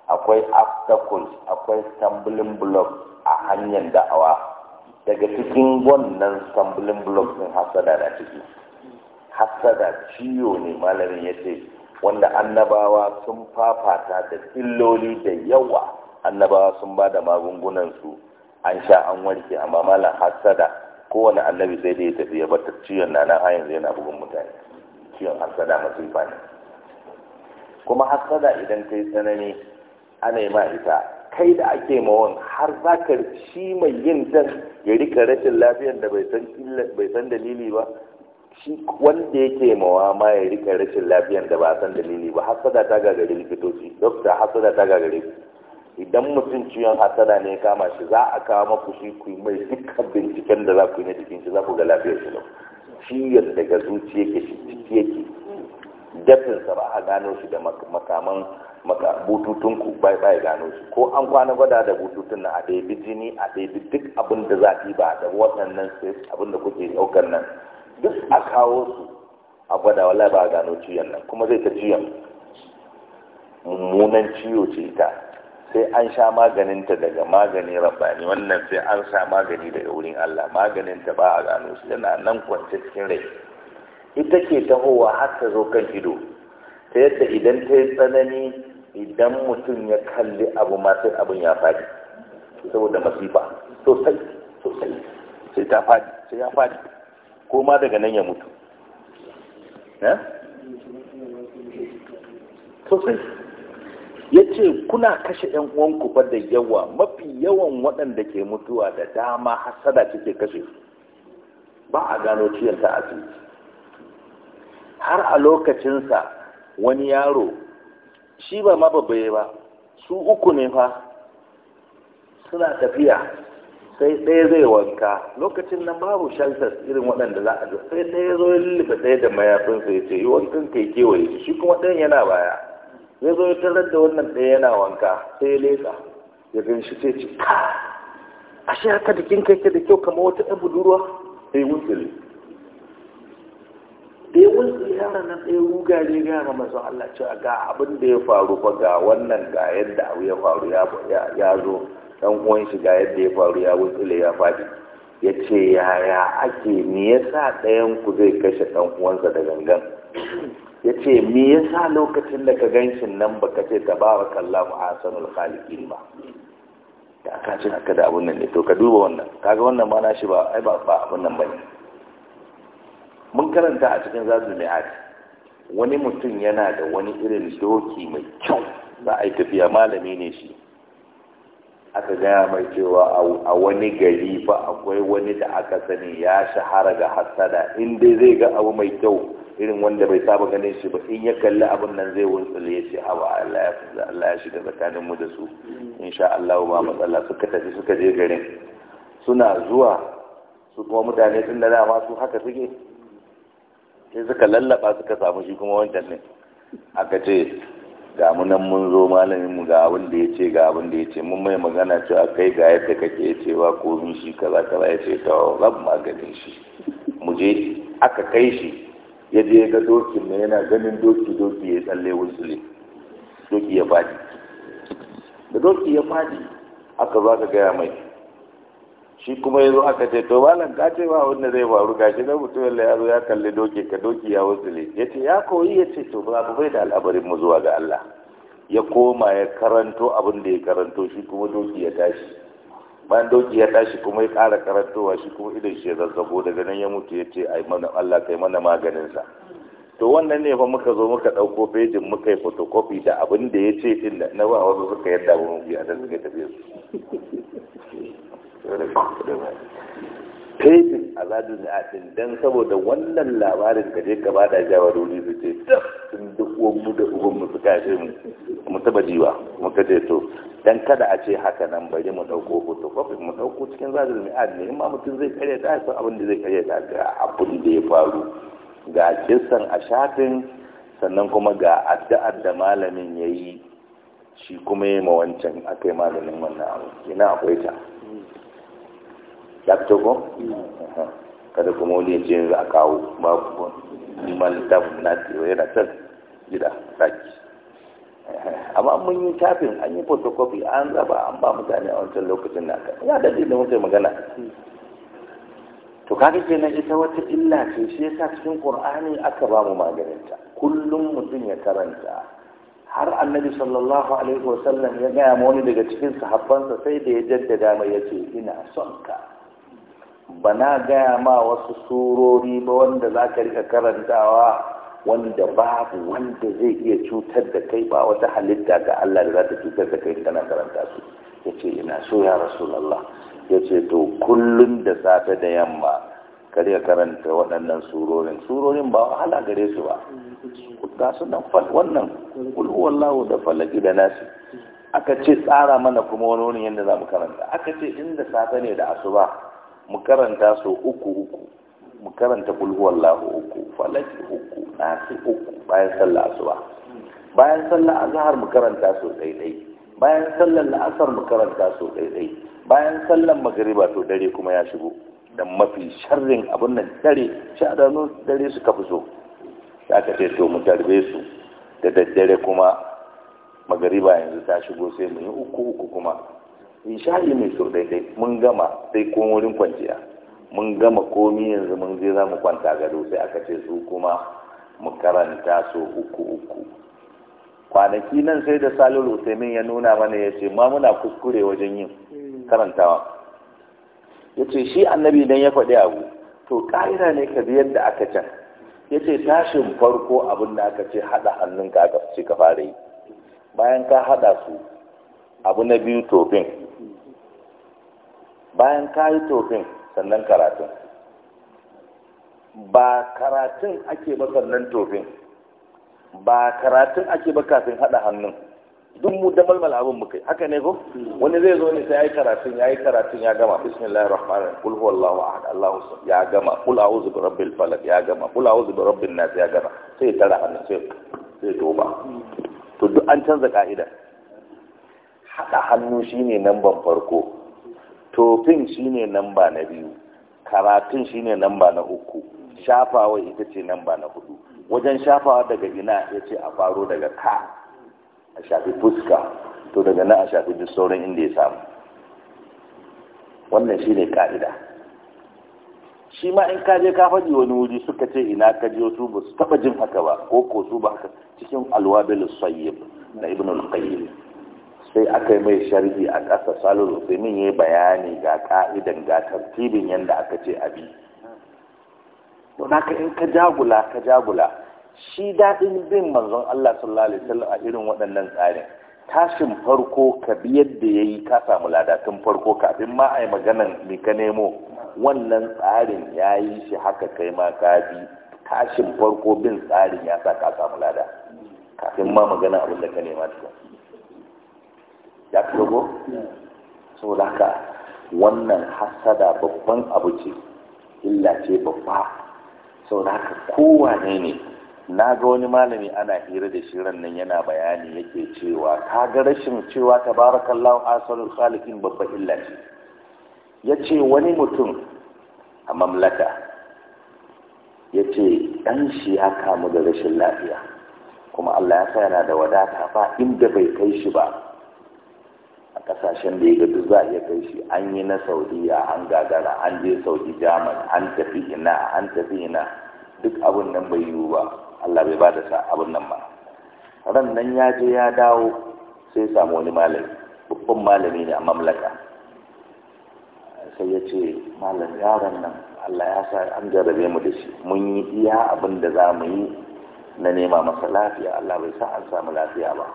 akwai obstacles akwai stumbling blocks a hanyar da'awa daga cikin wannan stumbling block din hasada na ciki hasada ciwo ne malamin ya ce wanda annabawa sun fafata da illoli da yawa annabawa sun ba da magungunansu an sha an warke amma malam hasada kowane annabi sai dai tafi ya bata ciwon na nan yanzu yana bugun mutane ciwon hasada masu ifani kuma hasada idan kai tsanani ana yi ma ita kai da ake mawan har za ka shi mai yin dan ya rika rashin lafiyar da bai san dalili ba shi wanda yake mawa ma ya rika rashin lafiyar da ba san dalili ba hasada ta gagare likitoci dokta hasada ta gagare idan mutum ciwon hasada ne ya kama shi za a kawo maku shi ku mai dukkan binciken da za ku yi na jikin shi za ku ga lafiyar shi lau ciwon daga zuci yake shi ciki yake dafinsa ba a gano shi da makaman bututun ku bai bai gano shi ko an kwana gwada da bututun na a ɗaibi jini a ɗaibi duk abin da za a ba da waɗannan sai abin da kuke ɗaukar nan duk a kawo su a gwada wala ba a gano ciwon nan kuma zai ta ciwon mummunan ciwo ce ita sai an sha maganinta daga maganin rabbani wannan sai an sha magani daga wurin Allah maganinta ba a gano su yana nan kwance cikin rai ita ke tahowa har ta zo kan ido ta yadda idan ta yi tsanani idan mutum ya kalli abu ma sai abin ya faɗi saboda masifa sosai sosai sai ta faɗi sai ya faɗi ko ma daga nan ya mutu eh? sosai ya ce kuna kashe yan uwanku fa da yawa mafi yawan waɗanda ke mutuwa da dama hasada kike kashe su ba a gano ciyar ta asibiti har a lokacinsa wani yaro shi ba ma babbaye ba su uku ne fa suna tafiya sai ɗaya zai wanka lokacin nan babu shelters irin waɗanda za a sai ɗaya zo ya lullufa ɗaya da mayafinsa ya ce yi wankan kai kewaye shi kuma ɗayan yana baya ya zo ya tarar da wannan ɗaya yana wanka sai ya leka ya gan shi sai ce ka a shi haka da kin kai da kyau kamar wata ɗan budurwa sai wuntsiri da ya wuntsiri yaran nan ɗaya ruga ne gara masu Allah cewa ga abin da ya faru fa ga wannan ga yadda abu ya faru ya zo ɗan uwan shi ga yadda ya faru ya wuntsire ya faɗi ya ce yaya ake me yasa ɗayan ku zai kashe ɗan uwansa da gangan ya ce me yasa lokacin da ka ganshin nan ba ka ce ta ba mu ahsanul khaliqin ba da aka ce haka da abin nan ne to ka duba wannan kaga wannan ma na shi ba ai ba ba abin nan bane mun karanta a cikin zazu mi'at wani mutum yana da wani irin doki mai kyau za a yi tafiya malami ne shi aka gaya mai cewa a wani gari ba akwai wani da aka sani ya shahara ga hassada in dai zai ga abu mai kyau irin wanda bai saba ganin shi ba in ya kalli abin nan zai wuntsule ya ce hawa Allah ya shiga tsakanin mu da su sha Allah ba matsala suka tafi suka je garin suna zuwa su kuma mutane tun da dama su haka suke sai suka lallaba suka samu shi kuma wancan ne aka ce ga mu nan mun zo malamin mu ga abin da ya ce ga abin da ya ce mun mai magana cewa kai ga yadda kake ya ce ba komi shi kaza kaza ya ce to zan maganin shi mu je aka kai shi ya je ga dokin na yana ganin doki doki ya tsalle wusule doki ya fadi da doki ya fadi aka za ka gaya mai shi kuma ya zo aka ce to malam ka ce ba wanda zai faru ga shi na mutum da ya zo ya kalli doki ka doki ya wusule ya ce ya koyi ya ce to ba bai da al'abarin mu zuwa ga Allah ya koma ya karanto abin da ya karanto shi kuma doki ya tashi bayan doki ya tashi kuma ya ƙara karantowa shi kuma idan shi ya zazzabo daga nan ya mutu ya ce ai mana Allah kai mana maganinsa to wannan ne fa muka zo muka ɗauko fejin muka yi photocopy da abin da ya ce din na ba wasu suka yadda ba mu biya da suka tafi su faifin aladun atin dan saboda wannan labarin ka je ka bada jawarori su ce sun duk uwanmu da uwanmu su kashe mu mu taba jiwa muka ce to dan kada a ce haka nan bari mu dauko hoto kofi mu dauko cikin zadul mi'ad ne in ma mutum zai karya ta san abin da zai karya ta ga abin da ya faru ga kissan a shafin sannan kuma ga addu'ar da malamin ya yi, shi kuma yi ma wancan akai malamin wannan abu ina akwai ta dakta ko kada kuma wani ya yanzu a kawo babu ko liman littafin na tewa yana can gida saki amma mun yi tafin an yi photocopy an zaba an ba mutane a wancan lokacin na kan ya dalilin da mutai magana to kaga kenan ita wata illa ce shi yasa cikin qur'ani aka ba mu maganinta kullum mutum ya karanta har annabi sallallahu alaihi wasallam ya gaya ma wani daga cikin sahabbansa sai da ya jaddada mai yace ina son ka ba na gaya ma wasu surori ba wanda za ka rika karantawa wanda babu wanda zai iya cutar da kai ba wata halitta ga Allah da za ta cutar da kai kana karanta su ya ce ina so ya rasulallah ya ce to kullum da safe da yamma kare karanta waɗannan surorin surorin ba wahala gare su ba ga su nan wannan kulhuwallahu da falaki da nasi aka ce tsara mana kuma wani wani yadda za mu karanta aka ce inda safe ne da asuba mu karanta su uku uku mu karanta bulhuwallahu uku falaki uku nasi uku bayan sallah asuba bayan sallah azhar mu karanta so daidai bayan sallar la'asar mu karanta so daidai bayan sallar magariba to dare kuma ya shigo dan mafi sharrin abin nan dare shadanu dare ka fi so aka ce to mu tarbe su da daddare kuma magariba yanzu ta shigo sai mu yi uku uku kuma isha'i mai sur daidai mun gama sai ko wurin kwanciya mun gama komi yanzu mun je za mu kwanta gado sai aka ce su kuma mu karanta so uku uku kwanaki nan sai da salul usaimin ya nuna mana ya ce ma muna kuskure wajen yin hmm. karantawa ya ce shi annabi dan ya faɗi abu to ƙa'ida ne ka bi yadda aka can ya ce tashin farko abin da aka ce haɗa hannun ka aka ce ka fara yi bayan ka haɗa su abu na biyu tofin bayan ka yi tofin sannan karatun ba karatun ake ba sannan tofin ba karatun ake ba kafin haɗa hannun duk mu da malmal abin muka yi haka ne ko wani zai zo ne sai ya yi karatun ya yi karatun ya gama bismillahir rahmanir kul huwa huwallahu ahad allahu ya gama kul a'udhu bi rabbil falaq ya gama kul a'udhu bi rabbin nas ya gama sai tara hannun sai sai toba to duk an canza ka'ida haɗa hannu shine nan ban farko tofin shine namba na biyu karatun shine namba na uku shafawa ita ce namba na hudu wajen shafawa daga ina ya ce a faro daga ka a shafi fuska to daga nan a shafi duk sauran inda ya samu wannan shine ka'ida shi ma in ka je ka faɗi wani wuri suka ce ina ka je su ba su taɓa jin haka ba ko ko su ba haka cikin alwabil sayyib na ibn al-qayyim sai aka yi mai sharhi a ƙasa salihu sai min yi bayani ga ka'idan ga tartibin yadda aka ce abi don haka in ka jagula ka jagula shi daɗin bin manzon Allah sallallahu alaihi a irin waɗannan tsarin tashin farko ka bi yadda ya yi ka samu ladatun farko kafin ma a maganan me ka nemo wannan tsarin ya yi shi haka kai ma ka bi tashin farko bin tsarin ya sa ka samu lada kafin ma magana abin da ka nema cikin ya fi dogo saboda haka wannan hasada babban abu ce illa ce babba saboda haka kowane ne na ga wani malami ana hira da shi nan yana bayani yake cewa ka ga rashin cewa tabarakallahu asalin khaliqin babba illa ce Ya ce wani mutum a mamlaka yace ɗan shi ya kamu da rashin lafiya kuma Allah ya sa yana da wadata ba inda bai kai shi ba kasashen da ya ga duk za a iya kai shi an yi na saudiya an gagara an je saudi jaman an tafi ina an tafi ina duk abin nan bai yiwu ba allah bai bada sa abin nan ba ran nan ya je ya dawo sai samu wani malami babban malami ne a mamlaka sai ya ce malam yaron nan allah ya sa an jarabe mu da shi mun yi iya abin da za mu yi na nema masa lafiya allah bai sa an samu lafiya ba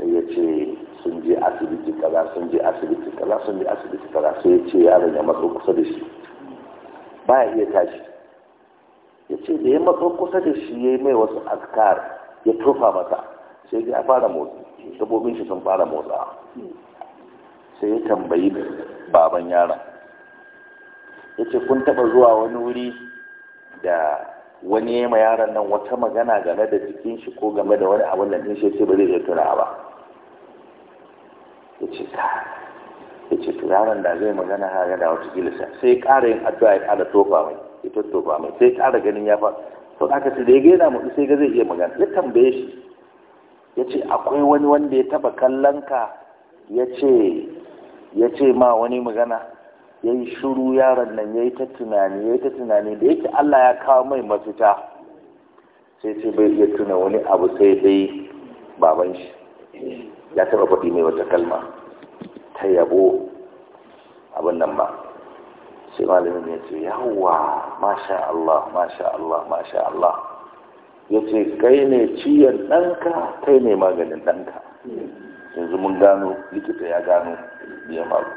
sai ya ce sun je asibiti kaza sun je asibiti kaza sun je asibiti kaza sai ya ce yaron ya matso kusa da shi baya iya tashi ya ce da ya matso kusa da shi ya yi mai wasu askar ya tofa masa sai ya fara motsi gabobin shi sun fara motsa sai ya tambayi baban yaron ya ce kun taba zuwa wani wuri da wani ya ma yaron nan wata magana game da jikin shi ko game da wani abin da shi ce ba zai iya tuna ba ya ce ta ya ce to yaron da zai magana haka da wata gilisa sai ƙara yin addu'a ya ƙara tofa mai ya tattofa mai sai ƙara ganin ya fa to aka ce da ya gaida mu sai ga zai iya magana ya tambaye shi ya ce akwai wani wanda ya taba kallon ka ya ce ya ce ma wani magana ya yi shuru yaron nan ya yi ta tunani ya yi ta tunani da yake Allah ya kawo mai mafita sai ce bai iya tuna wani abu sai dai baban shi ya taɓa faɗi mai wata kalma ta yabo abin nan ba sai malamin ya ce yawwa masha Allah masha Allah masha Allah ya ce kai ne ciyan ɗanka kai ne maganin ɗanka yanzu mun gano likita ya gano biyan faru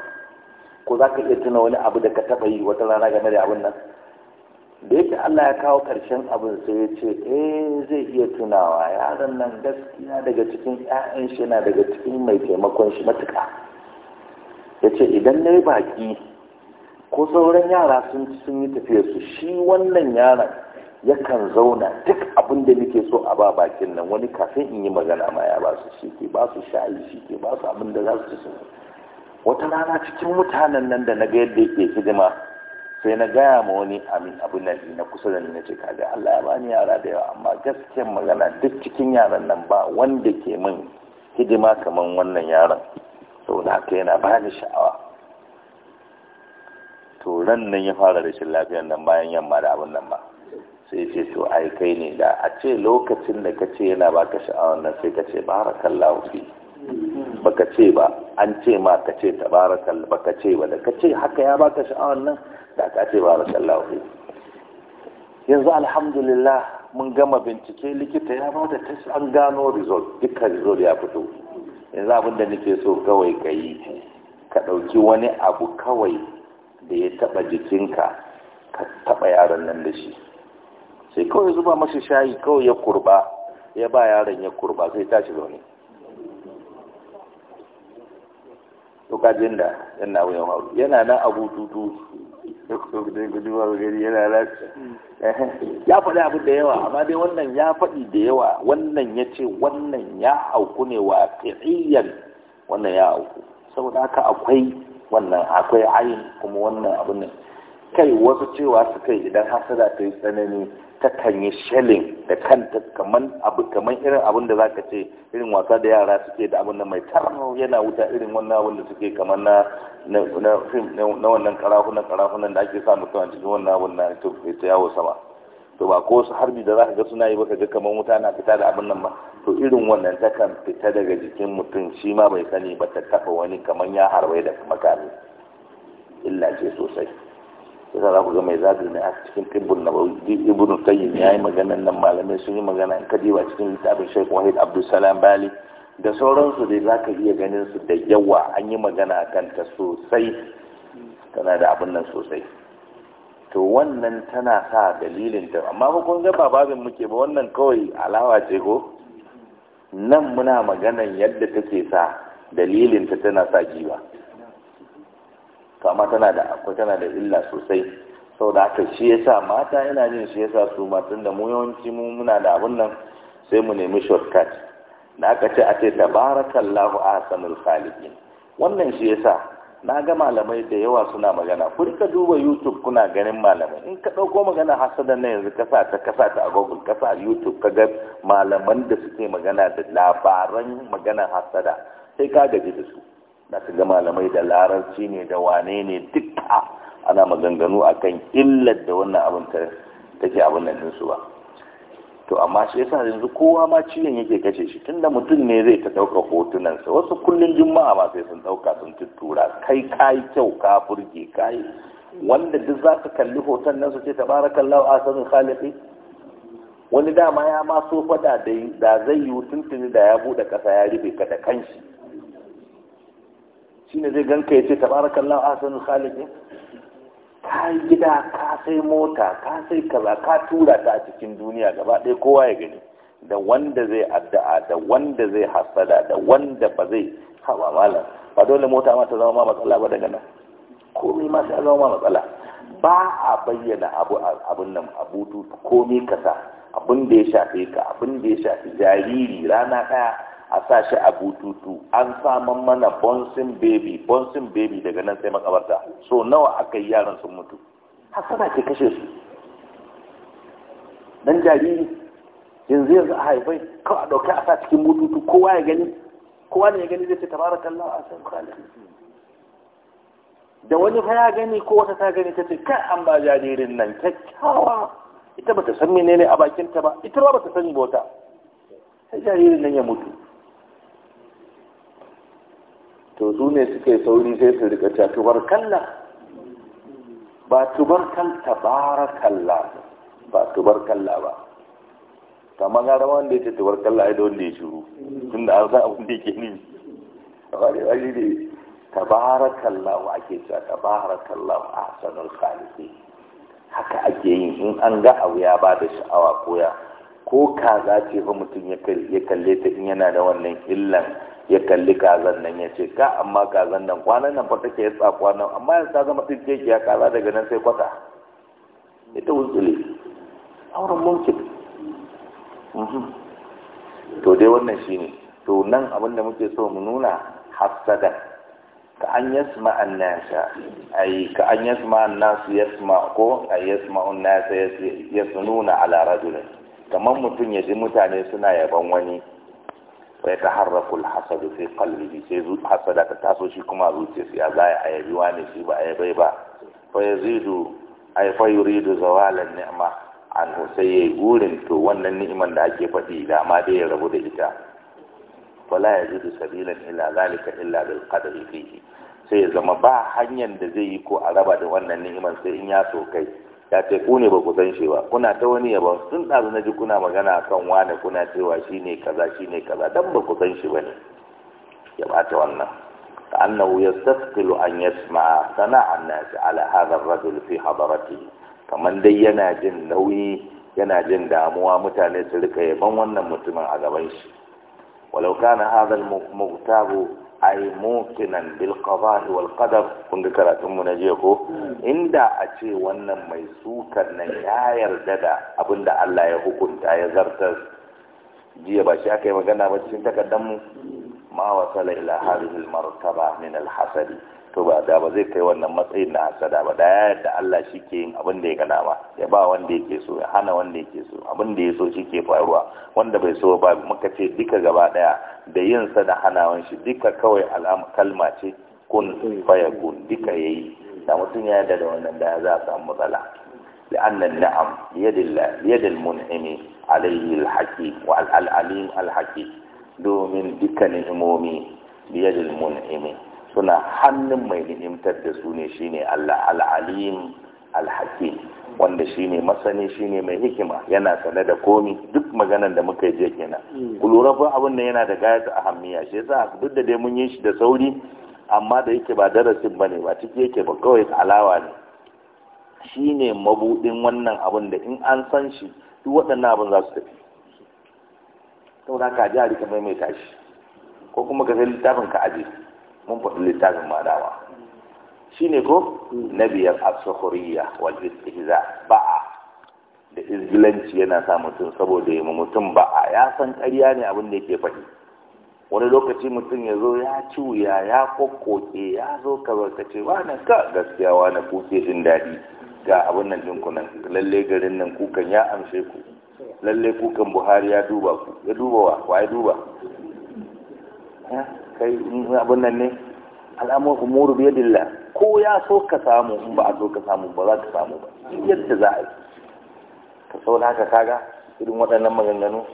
ko za ka iya tuna wani abu da ka taɓa yi wata rana game da abin nan da yake Allah ya kawo ƙarshen abin sai ya ce eh zai iya tunawa yaron nan gaskiya daga cikin ƴaƴan shi yana daga cikin mai taimakon shi matuƙa ya ce idan na yi baƙi ko sauran yara sun sun yi tafiya su shi wannan yaron yakan zauna duk abin da nake so a ba bakin nan wani kafin in yi magana ma ya ba su shi ke ba su shayi shi ke ba su abin da za su ci wata rana cikin mutanen nan da na ga yadda yake hidima sai na gaya ma wani amin abin na kusa da ni na ce kaga Allah ya bani yara da yawa amma gaskiyar magana duk cikin yaran nan ba wanda ke min hidima kamar wannan yaran sau da haka yana ba ni sha'awa to ran nan ya fara rashin lafiyar nan bayan yamma da abin nan ba sai ce to ai kai ne da a ce lokacin da ka ce yana baka sha'awar nan sai ka ce barakallahu fi baka ce ba an ce ma ka ce tabarakal baka ce ba da ka ce haka ya baka sha'awar nan da ka ce barakallahu fi yanzu alhamdulillah mun gama bincike likita ya bada test an gano result dukkan result ya fito yanzu abin da nake so kawai ka yi ka ɗauki wani abu kawai da ya taɓa jikinka ka taɓa yaron nan da shi sai kawai zuba masa shayi kawai ya kurba ya ba yaron ya kurba sai tashi zaune to jin da yana wuyan yana nan abu tutu Mm. ya faɗi abin da yawa amma dai wannan ya faɗi da yawa wannan ya ce wannan ya auku ne wa fi'iyyar wannan ya auku saboda haka akwai wannan akwai ayin kuma wannan abin nan kai wasu cewa su kai idan hasada ta yi tsanani kan yi shelin da kanta kaman abu kaman irin abin da zaka ce irin wasa da yara suke da abin da mai tarno yana wuta irin wannan abin da suke kaman na na na wannan karafunan karafunan da ake sa mutum a cikin wannan abin na ta yawo sama to ba ko su harbi da zaka ga suna yi baka ga kaman wuta na fita da abin nan ba to irin wannan ta kan fita daga jikin mutum shi ma bai sani ba ta tafa wani kaman ya harbai da makami illa ce sosai yasa za ku ga mai zagir ne a cikin tibbun na ibn qayyim ya yi maganan nan malamai sun yi magana in kadiba cikin littafin shaikh wahid abdulsalam bali da sauransu dai za ka iya ganin su da yawa an yi magana kanta sosai tana da abin nan sosai to wannan tana sa dalilin ta amma ko kun ga ba babin muke ba wannan kawai alawa ce ko nan muna maganan yadda take sa dalilin ta tana sa jiwa to amma tana da akwai tana da illa sosai sau da haka shi yasa mata yana jin shi yasa su matan da mu yawanci mu muna da abun nan sai mu nemi shortcut da aka ce a ce tabarakallahu ahsanul khaliqin wannan shi yasa na ga malamai da yawa suna magana ku ka duba youtube kuna ganin malamai in ka ɗauko magana hasadan na yanzu kasa ta kasa ta a google kasa sa youtube ka ga malaman da suke magana da labaran magana hasada sai ka gaji da su da su ga malamai da larabci ne da wane ne dukka ana maganganu akan illar da wannan abin ta take abin nan dinsu ba to amma shi yasa yanzu kowa ma ciyan yake kace shi tunda mutum ne zai ta dauka hotunansa wasu kullun juma'a ma sai sun dauka sun tuttura kai kai kyau ka burge kai wanda duk za ka kalli hoton nan su ce tabarakallahu asan khaliqi wani dama ya ma so fada da zai yi tuntuni da ya bude kasa ya rufe ka da kanshi shine zai ganka ya ce tabarakallahu ahsanul khaliqin ka yi gida ka sai mota ka sai kaza ka tura ta a cikin duniya gaba ɗaya kowa ya gani da wanda zai addu'a da wanda zai hasada da wanda ba zai haɓa malam ba dole mota ma ta zama ma matsala ba daga nan komai ma sai zama ma matsala ba a bayyana abu abun nan a butu komai kasa abun da ya shafe ka abun da ya shafi jariri rana ɗaya a sa shi a bututu an saman mana bonsin baby bonsin baby daga nan sai makabarta so nawa aka yi yaran sun mutu hasana ke kashe su dan jariri yanzu yanzu a haifai kawai a ɗauki a sa cikin bututu kowa ya gani kowa ne ya gani zai ce tabarakallah a san kwale. da wani fa ya gani ko wata ta gani ta ce kai an ba jaririn nan kyakkyawa ita bata san menene a bakinta ba ita ba ta sani bota sai jaririn nan ya mutu to su ne suke sauri sai su rika cewa tubarkalla ba tubarkal tabarakalla ba tubarkalla ba ta magara wanda ya ce tubarkalla ai da wanda ya shiru tunda an san a da ke ni amma dai yi ne wa ake cewa a sanar khaliqin haka ake yin in an ga abu ya ba da sha'awa koya ko kaza ce fa mutum ya kalle ta in yana da wannan illan ya kalli kazan nan ya ce ka amma kazan nan kwanan nan fa take ya kwanan amma ya ta zama keke ya kaza daga nan sai kwata ita wuzuli auren mulkin mhm. to dai wannan shine to nan abin da muke so mu nuna hasada ka an yasma annasa ai ka an yasma annasu yasma ko ka yasma annasa yasnuna ala rajulin kamar mutum ya ji mutane suna yaban wani sai ta harrafu alhasadu fi qalbihi sai hasada ta taso shi kuma zuciyarsa ya zaya a yabi wani shi ba a ba fa yazidu ay fa yuridu zawalan ni'ma an sai gurin to wannan ni'iman da ake faɗi da ma dai ya rabu da ita fala yazidu sabilan ila zalika illa bil qadri fihi sai ya zama ba hanyar da zai yi ko a raba da wannan ni'iman sai in ya so kai ya teku ne ba ku san shi ba kuna ta wani yaba sun ɗazu na ji kuna magana kan wane kuna cewa shi ne kaza shi ne kaza don ba ku san shi ba ne ya ɓata wannan ka wuya yastaskilu an yasma na nasi ala hadar rajul fi hadaratihi kamar dai yana jin nauyi yana jin damuwa mutane su rika yaban wannan mutumin a gaban shi walau kana hadha al ai muqinan bil qada'i wal qadar kun ga karatun mu na jiya ko inda a ce wannan mai sukar nan ya yarda da abinda Allah ya hukunta ya zartar jiya ba shi aka yi magana ba cikin takaddan mu ma wasala ila hadhihi al martaba min al hasadi to ba da ba zai kai wannan matsayin na hasada ba da yadda Allah shi ke yin abin da ya gana ba ya ba wanda yake so ya hana wanda yake so abin da ya so shi ke faruwa wanda bai so ba muka ce duka gaba daya da yin sa da hanawan shi duka kawai kalma ce kun faya kun duka yi. da mutum ya yadda da wannan da za a samu matsala لأن النعم بيد الله بيد المنعم wa الحكيم والعليم domin duka ni'imomi biyar mun'imi suna hannun mai ni'imtar da su ne shine Allah al-alim al-hakim wanda shine masani shine mai hikima yana sane da komi duk maganan da muka je kenan hmm. ku lura fa abin nan yana da a ahammiya shi yasa duk da dai mun yi shi da sauri amma da yake ba darasin bane ba ciki yake ba kawai alawa ne shine mabudin wannan abin da in an san shi duk waɗannan abin za su tafi saboda ka ji a rika maimaita shi ko kuma ka sai littafin ka aje mun faɗi littafin madawa shi ne ko mm. na biyar as-sukhriya wal ba'a da izgilanci yana sa mutum saboda yi mutum ba'a ya san ƙarya ne abin da yake faɗi wani lokaci mutum ya zo ya ci wuya ya kokoke ya zo ka barkace na ka gaskiya wa na kuke jin daɗi ga abin nan ɗinku nan lalle garin nan kukan ya amshe ku lalle kukan buhari ya duba ku ya duba wa wa ya duba mm. kai abin nan ne al'amur umuru bi ko ya so ka samu in ba a so ka samu ba za ka samu ba yadda za a yi ka sau da haka kaga irin waɗannan maganganu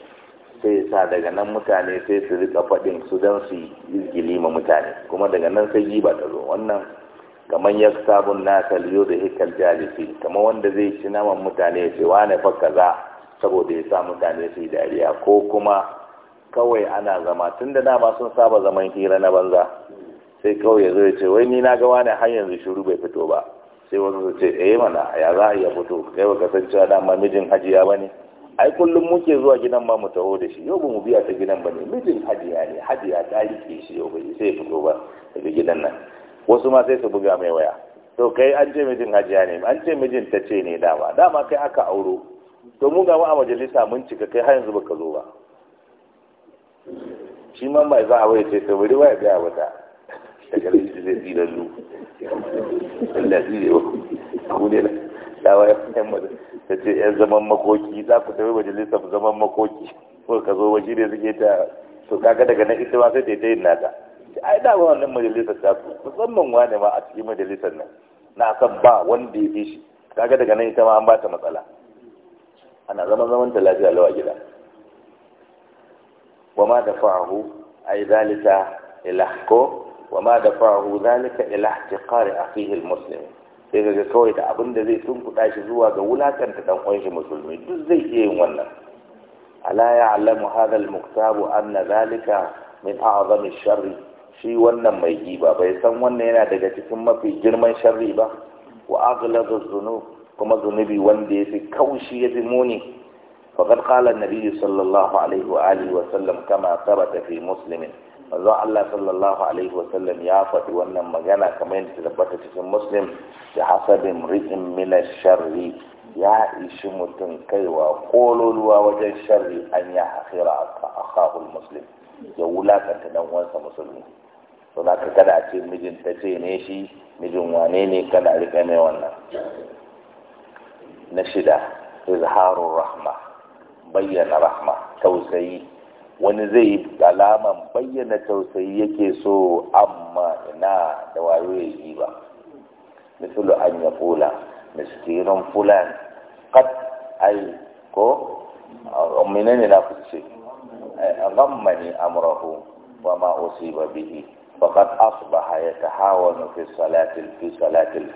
sai sa daga nan mutane sai su rika faɗin su don su izgili ma mutane kuma daga nan sai ba ta zo wannan kamar ya sabon na kaliyo da hikar jalisi kamar wanda zai ci naman mutane ya ce wane fa kaza saboda ya sa mutane su yi dariya ko kuma kawai ana zama tun da dama sun saba zaman hira na banza sai kawai ya zo ya ce wai ni na gawa ne har yanzu shiru bai fito ba sai wasu su ce eh mana ya za a iya fito kai cewa kasancewa dama mijin hajiya ba ne ai kullum muke zuwa gidan ba mu taho da shi yau ba mu biya ta gidan ba ne mijin hajiya ne hajiya ta rike shi yau bai sai fito ba daga gidan nan wasu ma sai su buga mai waya to kai an ce mijin hajiya ne an ce mijin ta ce ne dama dama kai aka auro to mu ga a majalisa mun cika kai har yanzu baka zo ba shi ma mai za a waya ce ta wuri waya gaya wata daga rikin zai fi lallu Allah shi ne ku ne da waya yan mata ta ce yan zaman makoki za ku tafi majalisa zaman makoki ko ka zo waje ne suke ta to kaga daga nan ita ma sai ta yi ta nata ai da wannan majalisar ta su musamman wane ma a cikin majalisar nan na san ba wanda ya fi shi kaga daga nan ita ma an ba ta matsala ana zaman zaman ta lafiya lawa gida وما دفعه أي ذلك إلى حكو وما دفعه ذلك إلى احتقار أخيه المسلم sai ga kawai da abin da zai tunkuɗa shi zuwa ga wulakanta dan uwan shi musulmi duk zai iya yin wannan ala ya'lamu hadha al-muktabu anna zalika min a'zami sharri shi wannan mai giba bai san wannan yana daga cikin mafi girman sharri ba wa aghladu dhunub kuma zunubi wanda yafi kaushi yafi muni فقد قال النبي صلى الله عليه وآله وسلم كما ثبت في مسلم manzon Allah sallallahu alaihi sallam ya faɗi wannan magana kamar yadda ta tabbata cikin muslim da hasabin ri'in mina sharri ya ishi mutum kaiwa kololuwa wajen sharri an ya akhira akhahul muslim ya wulakanta dan uwansa musulmi to da kada a ce mijin ta ce ne shi mijin wane ne kada a rika mai wannan na shida izharur rahma bayyana rahma tausayi wani zai yi alaman bayyana tausayi yake so amma ina da wayo ya yi ba misalu an ya fula miskirin fulan kat ai ko ne na fice ghammani amrahu wa ma usiba bihi faqad asbaha yatahawanu fi salati fi salati al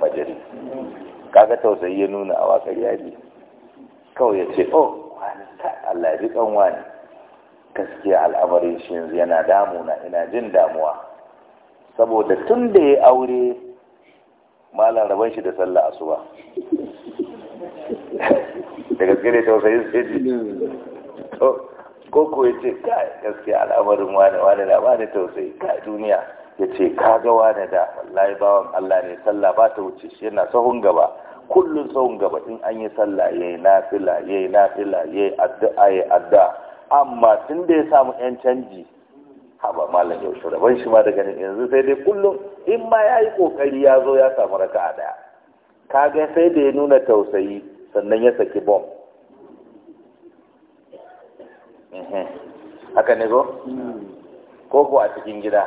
kaga tausayi ya nuna a wakar yaji kawai ya ce oh Allah ya ji kanwa ne gaskiya al'amarin shi yanzu yana damuna ina jin damuwa saboda tun da ya aure malar rabon shi da sallah asuba da gaske ne tausayin sai ko ya ce ka gaskiya al'amarin wani wani na wani tausayi ka duniya ya ce ka ga wani da wallahi bawan Allah ne sallah ba ta wuce shi yana sahun gaba Kullum tsawon gaba in an yi sallah yayi nafila yi nafila yi addu'a yayi addu'a amma tun da ya samu yan canji haba malam yaushe rabon shi ma da ganin yanzu sai dai kullum in ma ya yi kokari ya zo ya samu raka raka'a daya kaga sai da ya nuna tausayi sannan ya saki bom haka ne zo ko a cikin gida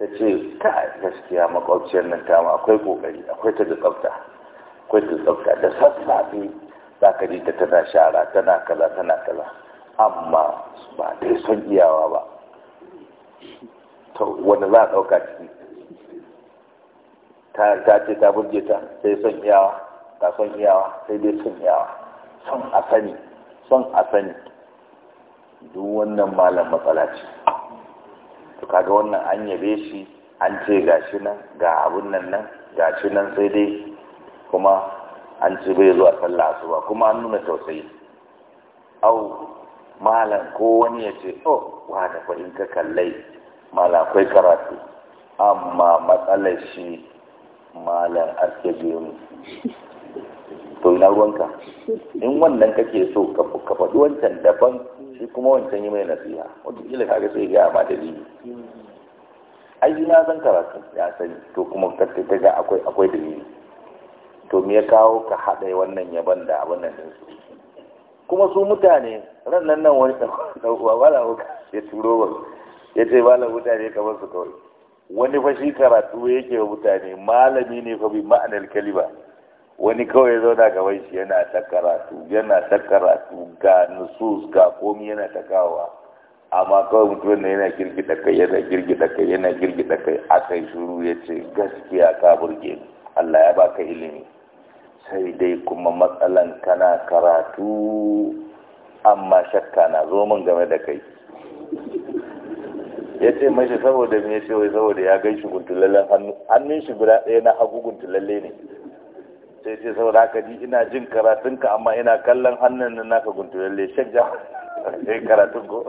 ta ce ta gaskiya makwabciyar nan ta akwai kokari akwai ta da tsafta akwai su da sassafe za ka ji ta tana shara tana kaza tana kaza amma ba ta son iyawa ba Wani wanda za a ɗauka ciki ta ce ta burge ta sai son iyawa ta son iyawa sai dai son iyawa son a sani son a sani duk wannan malam matsala ce to kaga wannan an yabe shi an ce gashi nan ga abun nan nan gashi nan sai dai kuma an ci bai zuwa sallah ba, kuma an nuna tausayi au malam ko wani ya ce oh wa da in ka kallai malam akwai karatu amma matsalar shi malam arke biyu to ina ruwanka in wannan kake so ka faɗi wancan daban shi kuma wancan yi mai nasiha ka ga sai ga ma biyu ai na zan karatu ya sani to kuma ka ga akwai akwai dalili to me ya kawo ka haɗa wannan yaban da wannan din su kuma su mutane rannan nan wani ɗauwa wala ya turo ba ya ce malam mutane kamar su kawai wani fa shi karatu yake wa mutane malami ne fa bi ma'anar kaliba wani kawai ya zauna gaban shi yana ta karatu yana ta karatu ga nusus ga komi yana ta kawowa amma kawai mutum ne yana girgida kai yana girgida kai yana girgida kai a yi shuru ya ce gaskiya ka burge Allah ya baka ilimi sai dai kuma matsalan kana karatu amma shakka na zo min game da kai ya ce mashi saboda me ce wai saboda ya gan shi guntulallen hannu hannun shi guda ɗaya na hagu guntulalle ne sai ce saboda haka ji ina jin karatunka amma ina kallon hannun nan naka guntulalle shan ja sai karatun ko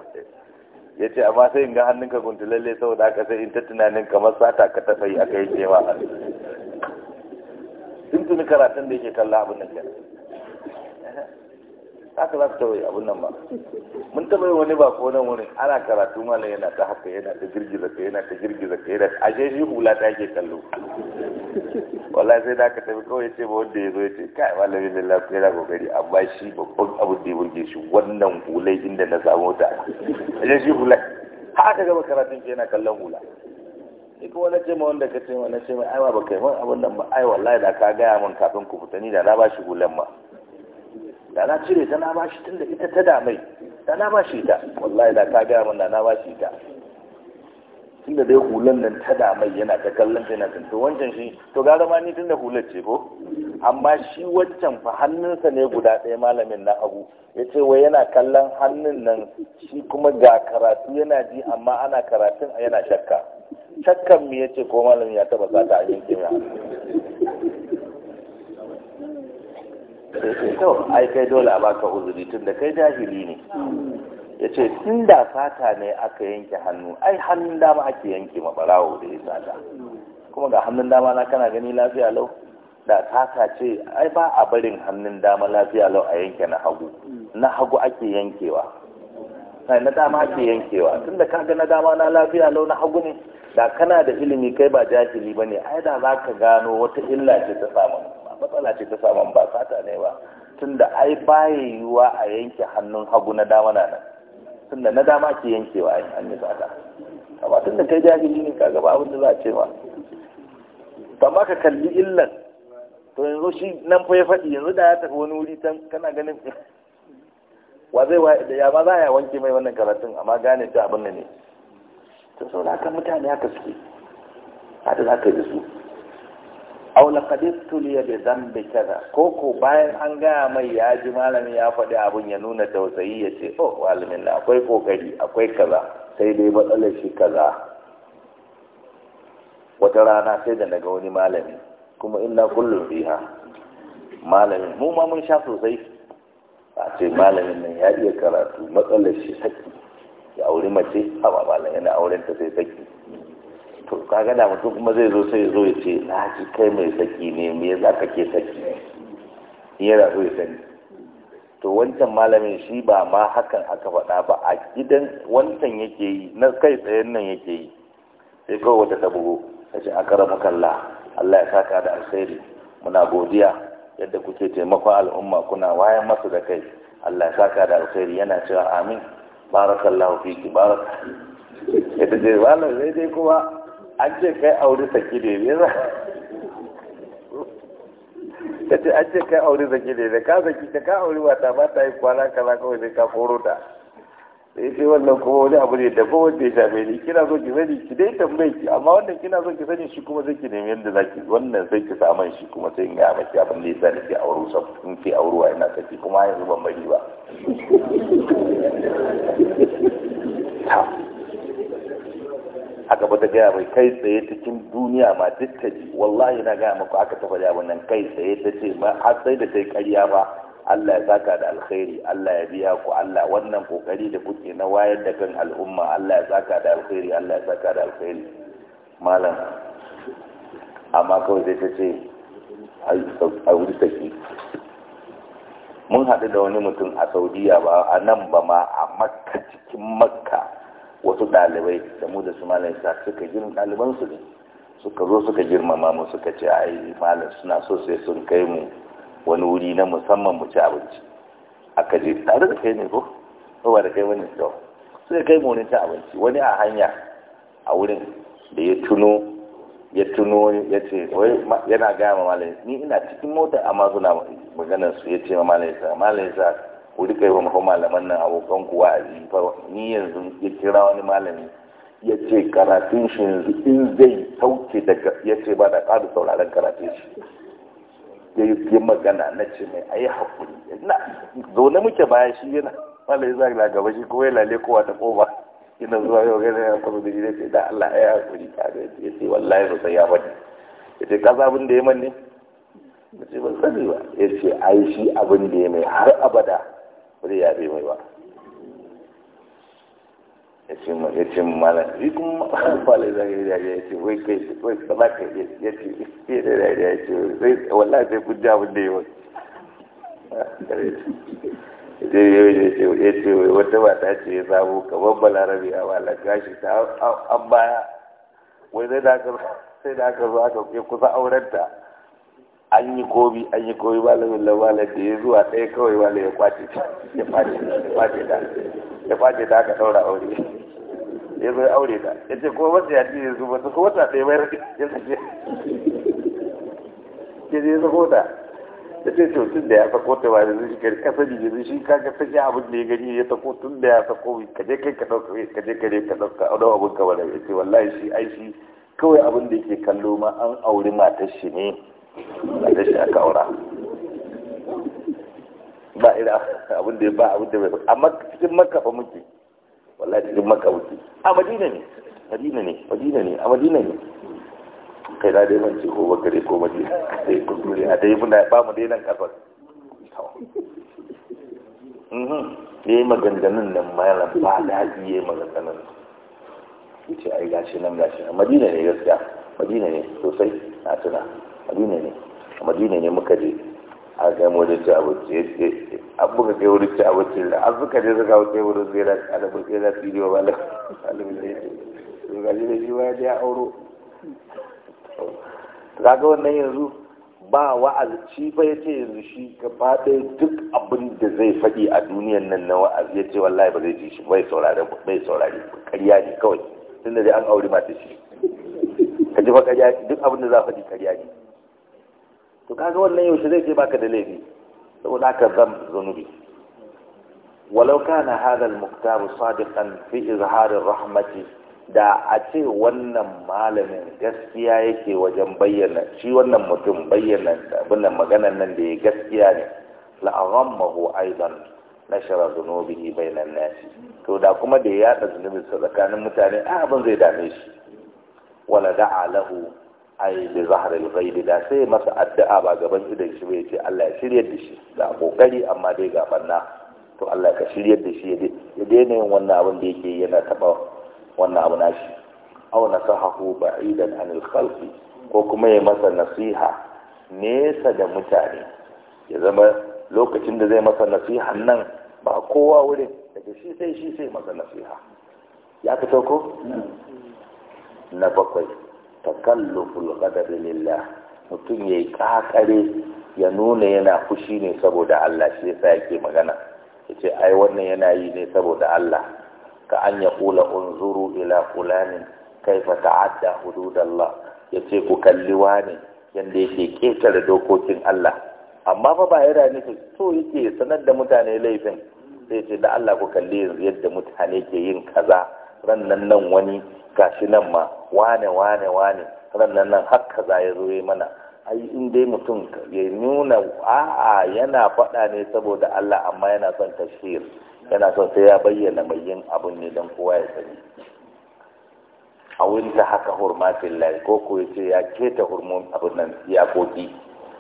ya ce amma sai in ga hannunka guntulalle saboda haka sai in ta tunanin kamar sata ka tafai yi aka yi ce ma tuntuni karatun da yake kalla abin nan kenan haka za su tawaye abin nan ba mun taɓa yin wani ba ko nan wani ana karatu malam yana ta haka yana ta girgiza ka yana ta girgiza ka yana a je shi hula ta yake kallo wallahi sai da aka tafi kawai ya ce ba wanda ya zo ya ce kai malamin da lafiya yana kokari amma shi babban abu da ya burge shi wannan hulai inda na samu ta a je shi hula haka gaba karatun ke yana kallon hula ni kuma na ce ma wanda ka ce ma na ce ma aiwa ba kai man abin nan ba ai wallahi da ka gaya min kafin ku fita ni da na bashi gulen ma da na cire ta na bashi tunda ita ta damai da na bashi ta wallahi da ka gaya min da na bashi ta tunda dai hulan nan ta damai yana ta kallon ta yana to wancan shi to gara ma ni tunda hular ce ko amma shi wancan fa hannunsa ne guda ɗaya malamin na abu ya ce wai yana kallon hannun nan shi kuma ga karatu yana ji amma ana karatun yana shakka takan mu yace ko malami ya taba sata a yanke ya to ai kai dole a baka uzuri tun da kai jahili ne ya ce tun da sata ne aka yanke hannu ai hannun dama ake yanke barawo da ya sata kuma ga hannun dama na kana gani lafiya lau da sata ce ai ba a barin hannun dama lafiya lau a yanke na hagu na hagu ake yankewa na dama ake yankewa tun da kaga na dama na lafiya lau na hagu ne da kana da ilimi kai ba jahili bane ai da za ka gano wata illa ce ta samu matsala ce ta samu ba fata ne ba tunda ai baya yiwuwa a yanke hannun hagu na dama na nan tunda na dama ke yankewa ai an yi sata amma tunda kai jahili ne kaga ba abin da za a ce ma amma ka kalli illan to yanzu shi nan fa ya faɗi yanzu da ya tafi wani wuri can kana ganin wa zai ya ba za a wanke mai wannan karatun amma gane ta abin ne ta saboda haka mutane haka suke da za ka ji su aula kadis tuliya da dhanbi kaza ko ko bayan an gaya mai ya ji malami ya faɗi abin ya nuna tausayi ya ce oh walimin na akwai kokari akwai kaza sai dai matsalar shi kaza wata rana sai da naga wani malami kuma ina kullum biya malamin mu ma mun sha sosai a ce malamin nan ya iya karatu matsalar shi saki ya auri mace haba malam yana auren ta sai saki to kaga da mutum kuma zai zo sai zo ya ce na ji kai mai saki ne me za ka ke saki in yana so ya sani to wancan malamin shi ba ma hakan aka faɗa ba a gidan wancan yake yi na kai tsayen nan yake yi sai kawai wata ta bugu ta ce a karamu kalla Allah ya saka da alkhairi muna godiya yadda kuke taimakon al'umma kuna wayan masu da kai Allah ya saka da alkhairi yana cewa amin fi ki baraka ita ce malam sai dai kuma an ce kai auri saki ne ne za ta ce an ce kai auri saki ne ne ka saki ka auri wata ba ta yi kwana kala kawai sai ka koro ta sai eh, sai wannan kuma wani abu ne da ba wanda ya shafe ni kina so ki sani ki dai tambaye ki amma wannan kina so ki sani shi kuma sai ki nemi yadda zaki wannan sai ki samu shi kuma sai in ga maki abin da sani nake auro sa in ke auro a ina saki kuma yanzu ban bari ba a gaba ta gaya mai kai tsaye cikin duniya ma duk ta ji wallahi na gaya maku aka tafa da abin nan kai tsaye ta ce ma har sai da ta yi karya ba Allah ya saka da alkhairi Allah ya biya ku Allah wannan kokari da kuke na wayar da kan al'umma Allah ya saka da alkhairi Allah ya saka da alkhairi malam amma kawai zai ta ce a wuri take mun haɗu da wani mutum a saudiya ba a nan ba ma a makka cikin makka wasu ɗalibai da mu da su malam sa suka girma ɗalibansu ne suka zo suka girmama mu suka ce ai malam suna so sai sun kai mu wani wuri na musamman mu ci abinci aka je tare da kai ne ko ba da kai wani su suka kai mu ci abinci wani a hanya a wurin da ya tuno ya tuno ya ce wai yana gaya ma malai ni ina cikin mota amma suna maganar su ya ce ma malai sa malai sa ku duka yi wa mafi malaman nan abokan kuwa a jifa ni yanzu ya kira wani malami ya ce karatun shi yanzu in zai sauke daga ya ce ba da ƙadu sauraron karatun shi ya yi magana na ce mai a yi haƙuri na zaune muke baya shi yana wala ya zaga gaba shi kuma ya lale kowa ta ƙoba ina zuwa yau gani ya kwasa da gida sai da Allah ya haƙuri ta da ya ce wallahi ba sai ya bani ya ce kaza abin da ya manne ya ce ba sani ba ya ce ai shi abin da ya mai har abada ba zai yabe mai ba ya ce ma ya ce mala shi kuma malai zan yi dariya ya ce wai kai wai kama ka ya ce ya da dariya ya ce zai wallahi sai kun ja abin da yi wani ya ce wai wata mata ce ya samu kamar balarabe a wala gashi ta an baya wai zai da aka sai da aka zo aka ke kusa aurenta an yi kobi an yi kobi malamin lamala da ya zuwa ɗaya kawai wala ya kwace ta ya kwace ta ya kwace ta aka ɗaura aure ya zo ya aure ta ya ce ko wata ya ce ko wata ɗaya bayar ya ya ya ta ya ce to tun da ya sako ta ba da zai kasa ne shi kaga ta abin da ya gani ya sako tun da ya sako ka je kai ka ɗauka ka je ka ɗauka a ɗau abin ka ba da ya ce wallahi shi ai shi kawai abin da yake kallo ma an auri matar shi ne matar shi aka aura ba ira abin da ba abin da bai amma cikin makafa muke wallahi cikin makauki a madina ne madina ne madina ne a madina ne kai na dai mance ko bakare ko madina sai ku dure a dai muna ba mu dai nan kasar mhm. ya yi maganganun nan malam ba da ya yi maganganun ce ai gashi nan gashi nan madina ne gaskiya madina ne sosai na tuna madina ne madina ne muka je a kai mu da ci abinci an buga kai wurin ci abinci da an suka je suka wuce wurin zai da alibin sai da fili wa malam alibin sai to ga shi da ba ya auro kaga wannan yanzu ba wa'azci fa ya ce yanzu shi gaba ɗaya duk abin da zai faɗi a duniyan nan na wa'azi ya ce wallahi ba zai ji shi bai saurare bai saurare ƙarya ne kawai tunda dai an aure mata shi ka ji fa ƙarya duk abin da za faɗi ƙarya ne to kaga wannan yaushe zai ce baka da laifi saboda aka zan zunubi walau kana hadha al-muktabu sadiqan fi izharin rahmati da a ce wannan malamin gaskiya yake wajen bayyana shi wannan mutum bayyana abin maganan nan da ya gaskiya ne la'aghammahu aidan nashara zunubihi bainan nasi to da kuma da ya yada zunubi tsakanin mutane a abin zai dame shi wala da'a lahu ai da zaharar da sai masa addu'a ba gaban idan shi bai ce Allah ya shiryar da shi ga kokari amma dai ga banna to Allah ka shiryar da shi ya daina yin wannan abin da yake yana taba wannan abu nashi aw nasahahu ba'idan anil khalqi ko kuma ya masa nasiha nesa da mutane ya zama lokacin da zai masa nasiha nan ba kowa wurin daga shi sai shi sai masa nasiha ya fito ko na bakwai takalluful qadari lillah mutum yayi kakare ya nuna yana fushi ne saboda Allah shi yasa yake magana yace ai wannan yana yi ne saboda Allah ka an ya kula unzuru ila fulanin kaifa ta'adda hududallah yace ku kalli wani yanda yake ketare dokokin Allah amma fa ba yana nufin so yake sanar da mutane laifin sai ce da Allah ku kalli yanzu yadda mutane ke yin kaza rannan nan wani gashi nan ma wane wane wane rannan nan har kaza ya zo mana ai in dai mutum ya nuna a'a yana faɗa ne saboda Allah amma yana son tashhir yana son sai ya bayyana mai yin abun ne don kowa ya sani a wurinta haka hurmatin lahi ko ko ce ya keta hurmon abun nan iyakoki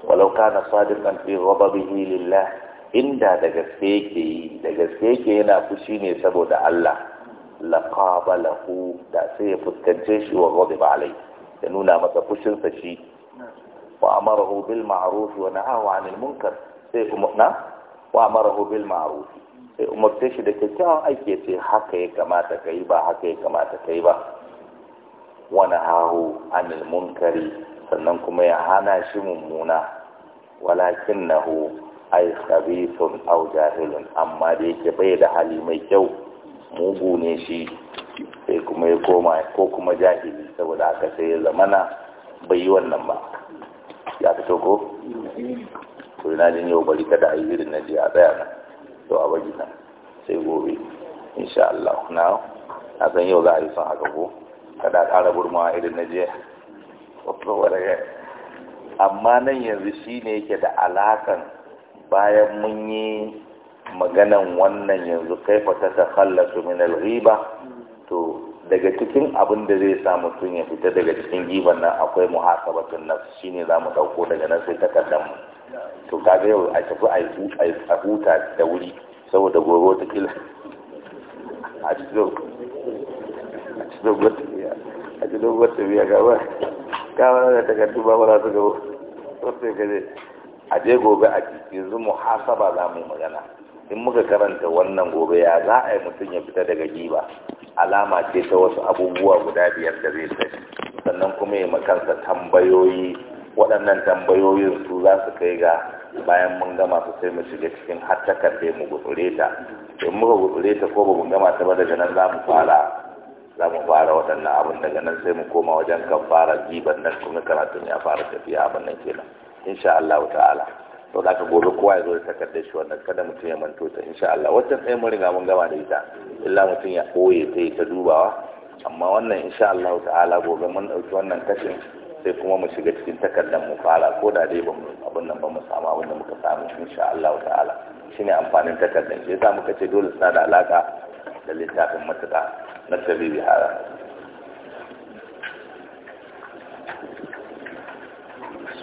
walau kana sadiqan fi ghadabihi lillah inda da gaske yake yi da gaske yake yana fushi ne saboda Allah laqabalahu da sai ya fuskance shi wa ba alai ya nuna masa fushinsa shi wa amarahu bil ma'ruf wa nahahu 'anil munkar sai umarna wa amarahu bil ma'ruf sai umarce shi da kyakkyawan aiki sai haka ya kamata kai ba haka ya kamata kai ba wa nahahu 'anil munkari sannan kuma ya hana shi mummuna walakinnahu ay khabithun aw jahilun amma da yake bai da hali mai kyau mugu ne shi sai kuma ya koma ko kuma jahili saboda aka sai ya zamana bai yi wannan ba ya fito ko to na jin yau bari kada a yi irin na jiya tsaya na to a baji nan sai gobe insha Allah na na san yau za a yi son haka ko kada kara burma irin na jiya amma nan yanzu shine yake da alakan bayan mun yi maganan wannan yanzu kaifa ta takhallasu min al-ghiba to daga cikin abin da zai sa mutum ya fita daga cikin giban nan akwai muhasabatun nafs shine zamu dauko daga nan sai takaddam mu to kaga yau a tafi a huta da wuri saboda gobe ta kila a a biya ga ba gaba kawai da takardu ba wala su gabo sosai gaje a je gobe a yanzu muhasaba za mu yi magana in muka karanta wannan gobe ya za a yi mutum ya fita daga giba alama ce ta wasu abubuwa guda biyar da zai sani sannan kuma ya makansa tambayoyi waɗannan tambayoyin su za su kai ga bayan mun gama su sai mu shiga cikin hattakar da mu gutsure ta in muka gutsure ta ko ba mu gama ta ba daga nan za mu fara za mu fara waɗannan abin daga nan sai mu koma wajen kan fara giban nan kuma karatun ya fara tafiya abin nan kenan insha Allah ta'ala to da ka gobe kowa ya zo da takardar shi wannan kada mutum ya manto ta insha Allah wacce sai mun riga mun gama da ita illa mutum ya koye ta ta dubawa amma wannan insha Allah ta'ala gobe mun ɗauki wannan kashin sai kuma mu shiga cikin takardar mu fara ko da dai ba mu abin nan ba mu samu abin da muka samu insha Allah ta'ala shine amfanin takardar shi yasa muka ce dole sa da alaka da littafin matuƙa na sabibi hada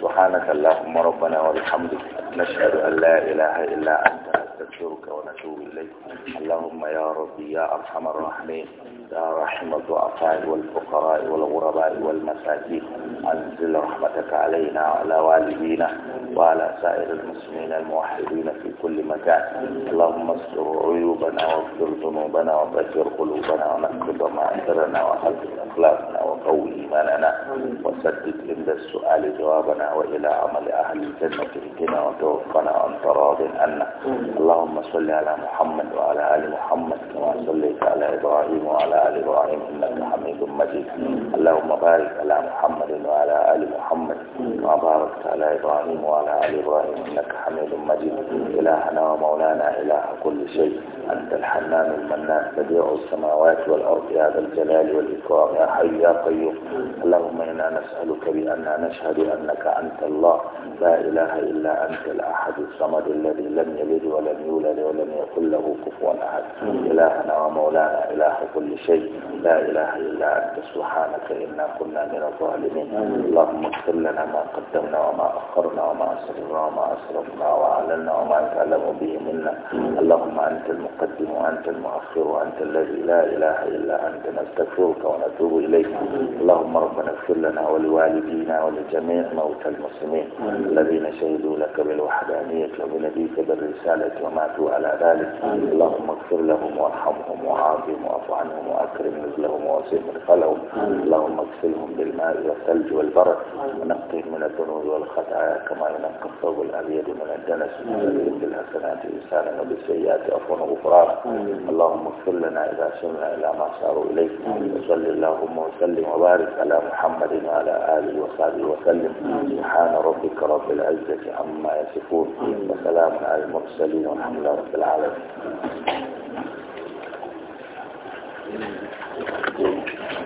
سبحانك اللهم ربنا وبحمدك نشهد أن لا إله إلا أنت نستغفرك ونتوب إليك اللهم يا ربي يا أرحم الراحمين يا رحم الضعفاء والفقراء والغرباء والمساكين أنزل رحمتك علينا وعلى والدينا وعلى سائر المسلمين الموحدين في كل مكان اللهم استر عيوبنا واغفر ذنوبنا وطهر قلوبنا ونكر ضمائرنا وحفظ أخلاقنا وقوي إيماننا وسدد عند السؤال جوابنا وإلى عمل أهل الجنة اهدنا وتوفنا وانت راض عنا اللهم صل على محمد وعلى آل محمد كما صليت على إبراهيم وعلى آل إبراهيم إنك حميد مجيد اللهم بارك على محمد وعلى آل محمد كما باركت على إبراهيم وعلى آل إبراهيم إنك حميد مجيد إلهنا ومولانا إله كل شيء أنت الحنان المنان بديع السماوات والأرض يا ذا الجلال والإكرام يا حي يا قيوم اللهم إنا نسألك بأننا نشهد أنك أنت الله لا إله إلا أنت الأحد الصمد الذي لم يلد ولم يولد ولم يكن له كفوا أحد إلهنا ومولانا إله كل شيء لا إله إلا أنت سبحانك إنا كنا من الظالمين اللهم اغفر لنا ما قدمنا وما أخرنا وما أسررنا وما أسرفنا وأعلنا وما تعلم به منا اللهم أنت المقدم وأنت المؤخر وأنت الذي لا إله إلا أنت نستغفرك ونتوب إليك اللهم ربنا اغفر لنا ولوالدينا ولجميع موتى المسلمين الذين شهدوا لك بالوحدانية وبنبيك بالرسالة ذلك وماتوا على ذلك اللهم اغفر لهم وارحمهم وعافهم واعف عنهم واكرم نزلهم ووسع مدخلهم اللهم اغسلهم بالماء والثلج والبرد ونقهم من الذنوب والخطايا كما ينقى الثوب الابيض من الدنس ونزلهم بالحسنات لسانا وبالسيئات عفوا وغفرانا اللهم اغفر لنا اذا سمعنا الى ما صاروا اليه وصل اللهم وسلم وبارك على محمد وعلى اله وصحبه وسلم سبحان ربك رب العزه عما يصفون وسلام على المرسلين المرسلين والحمد لله رب العالمين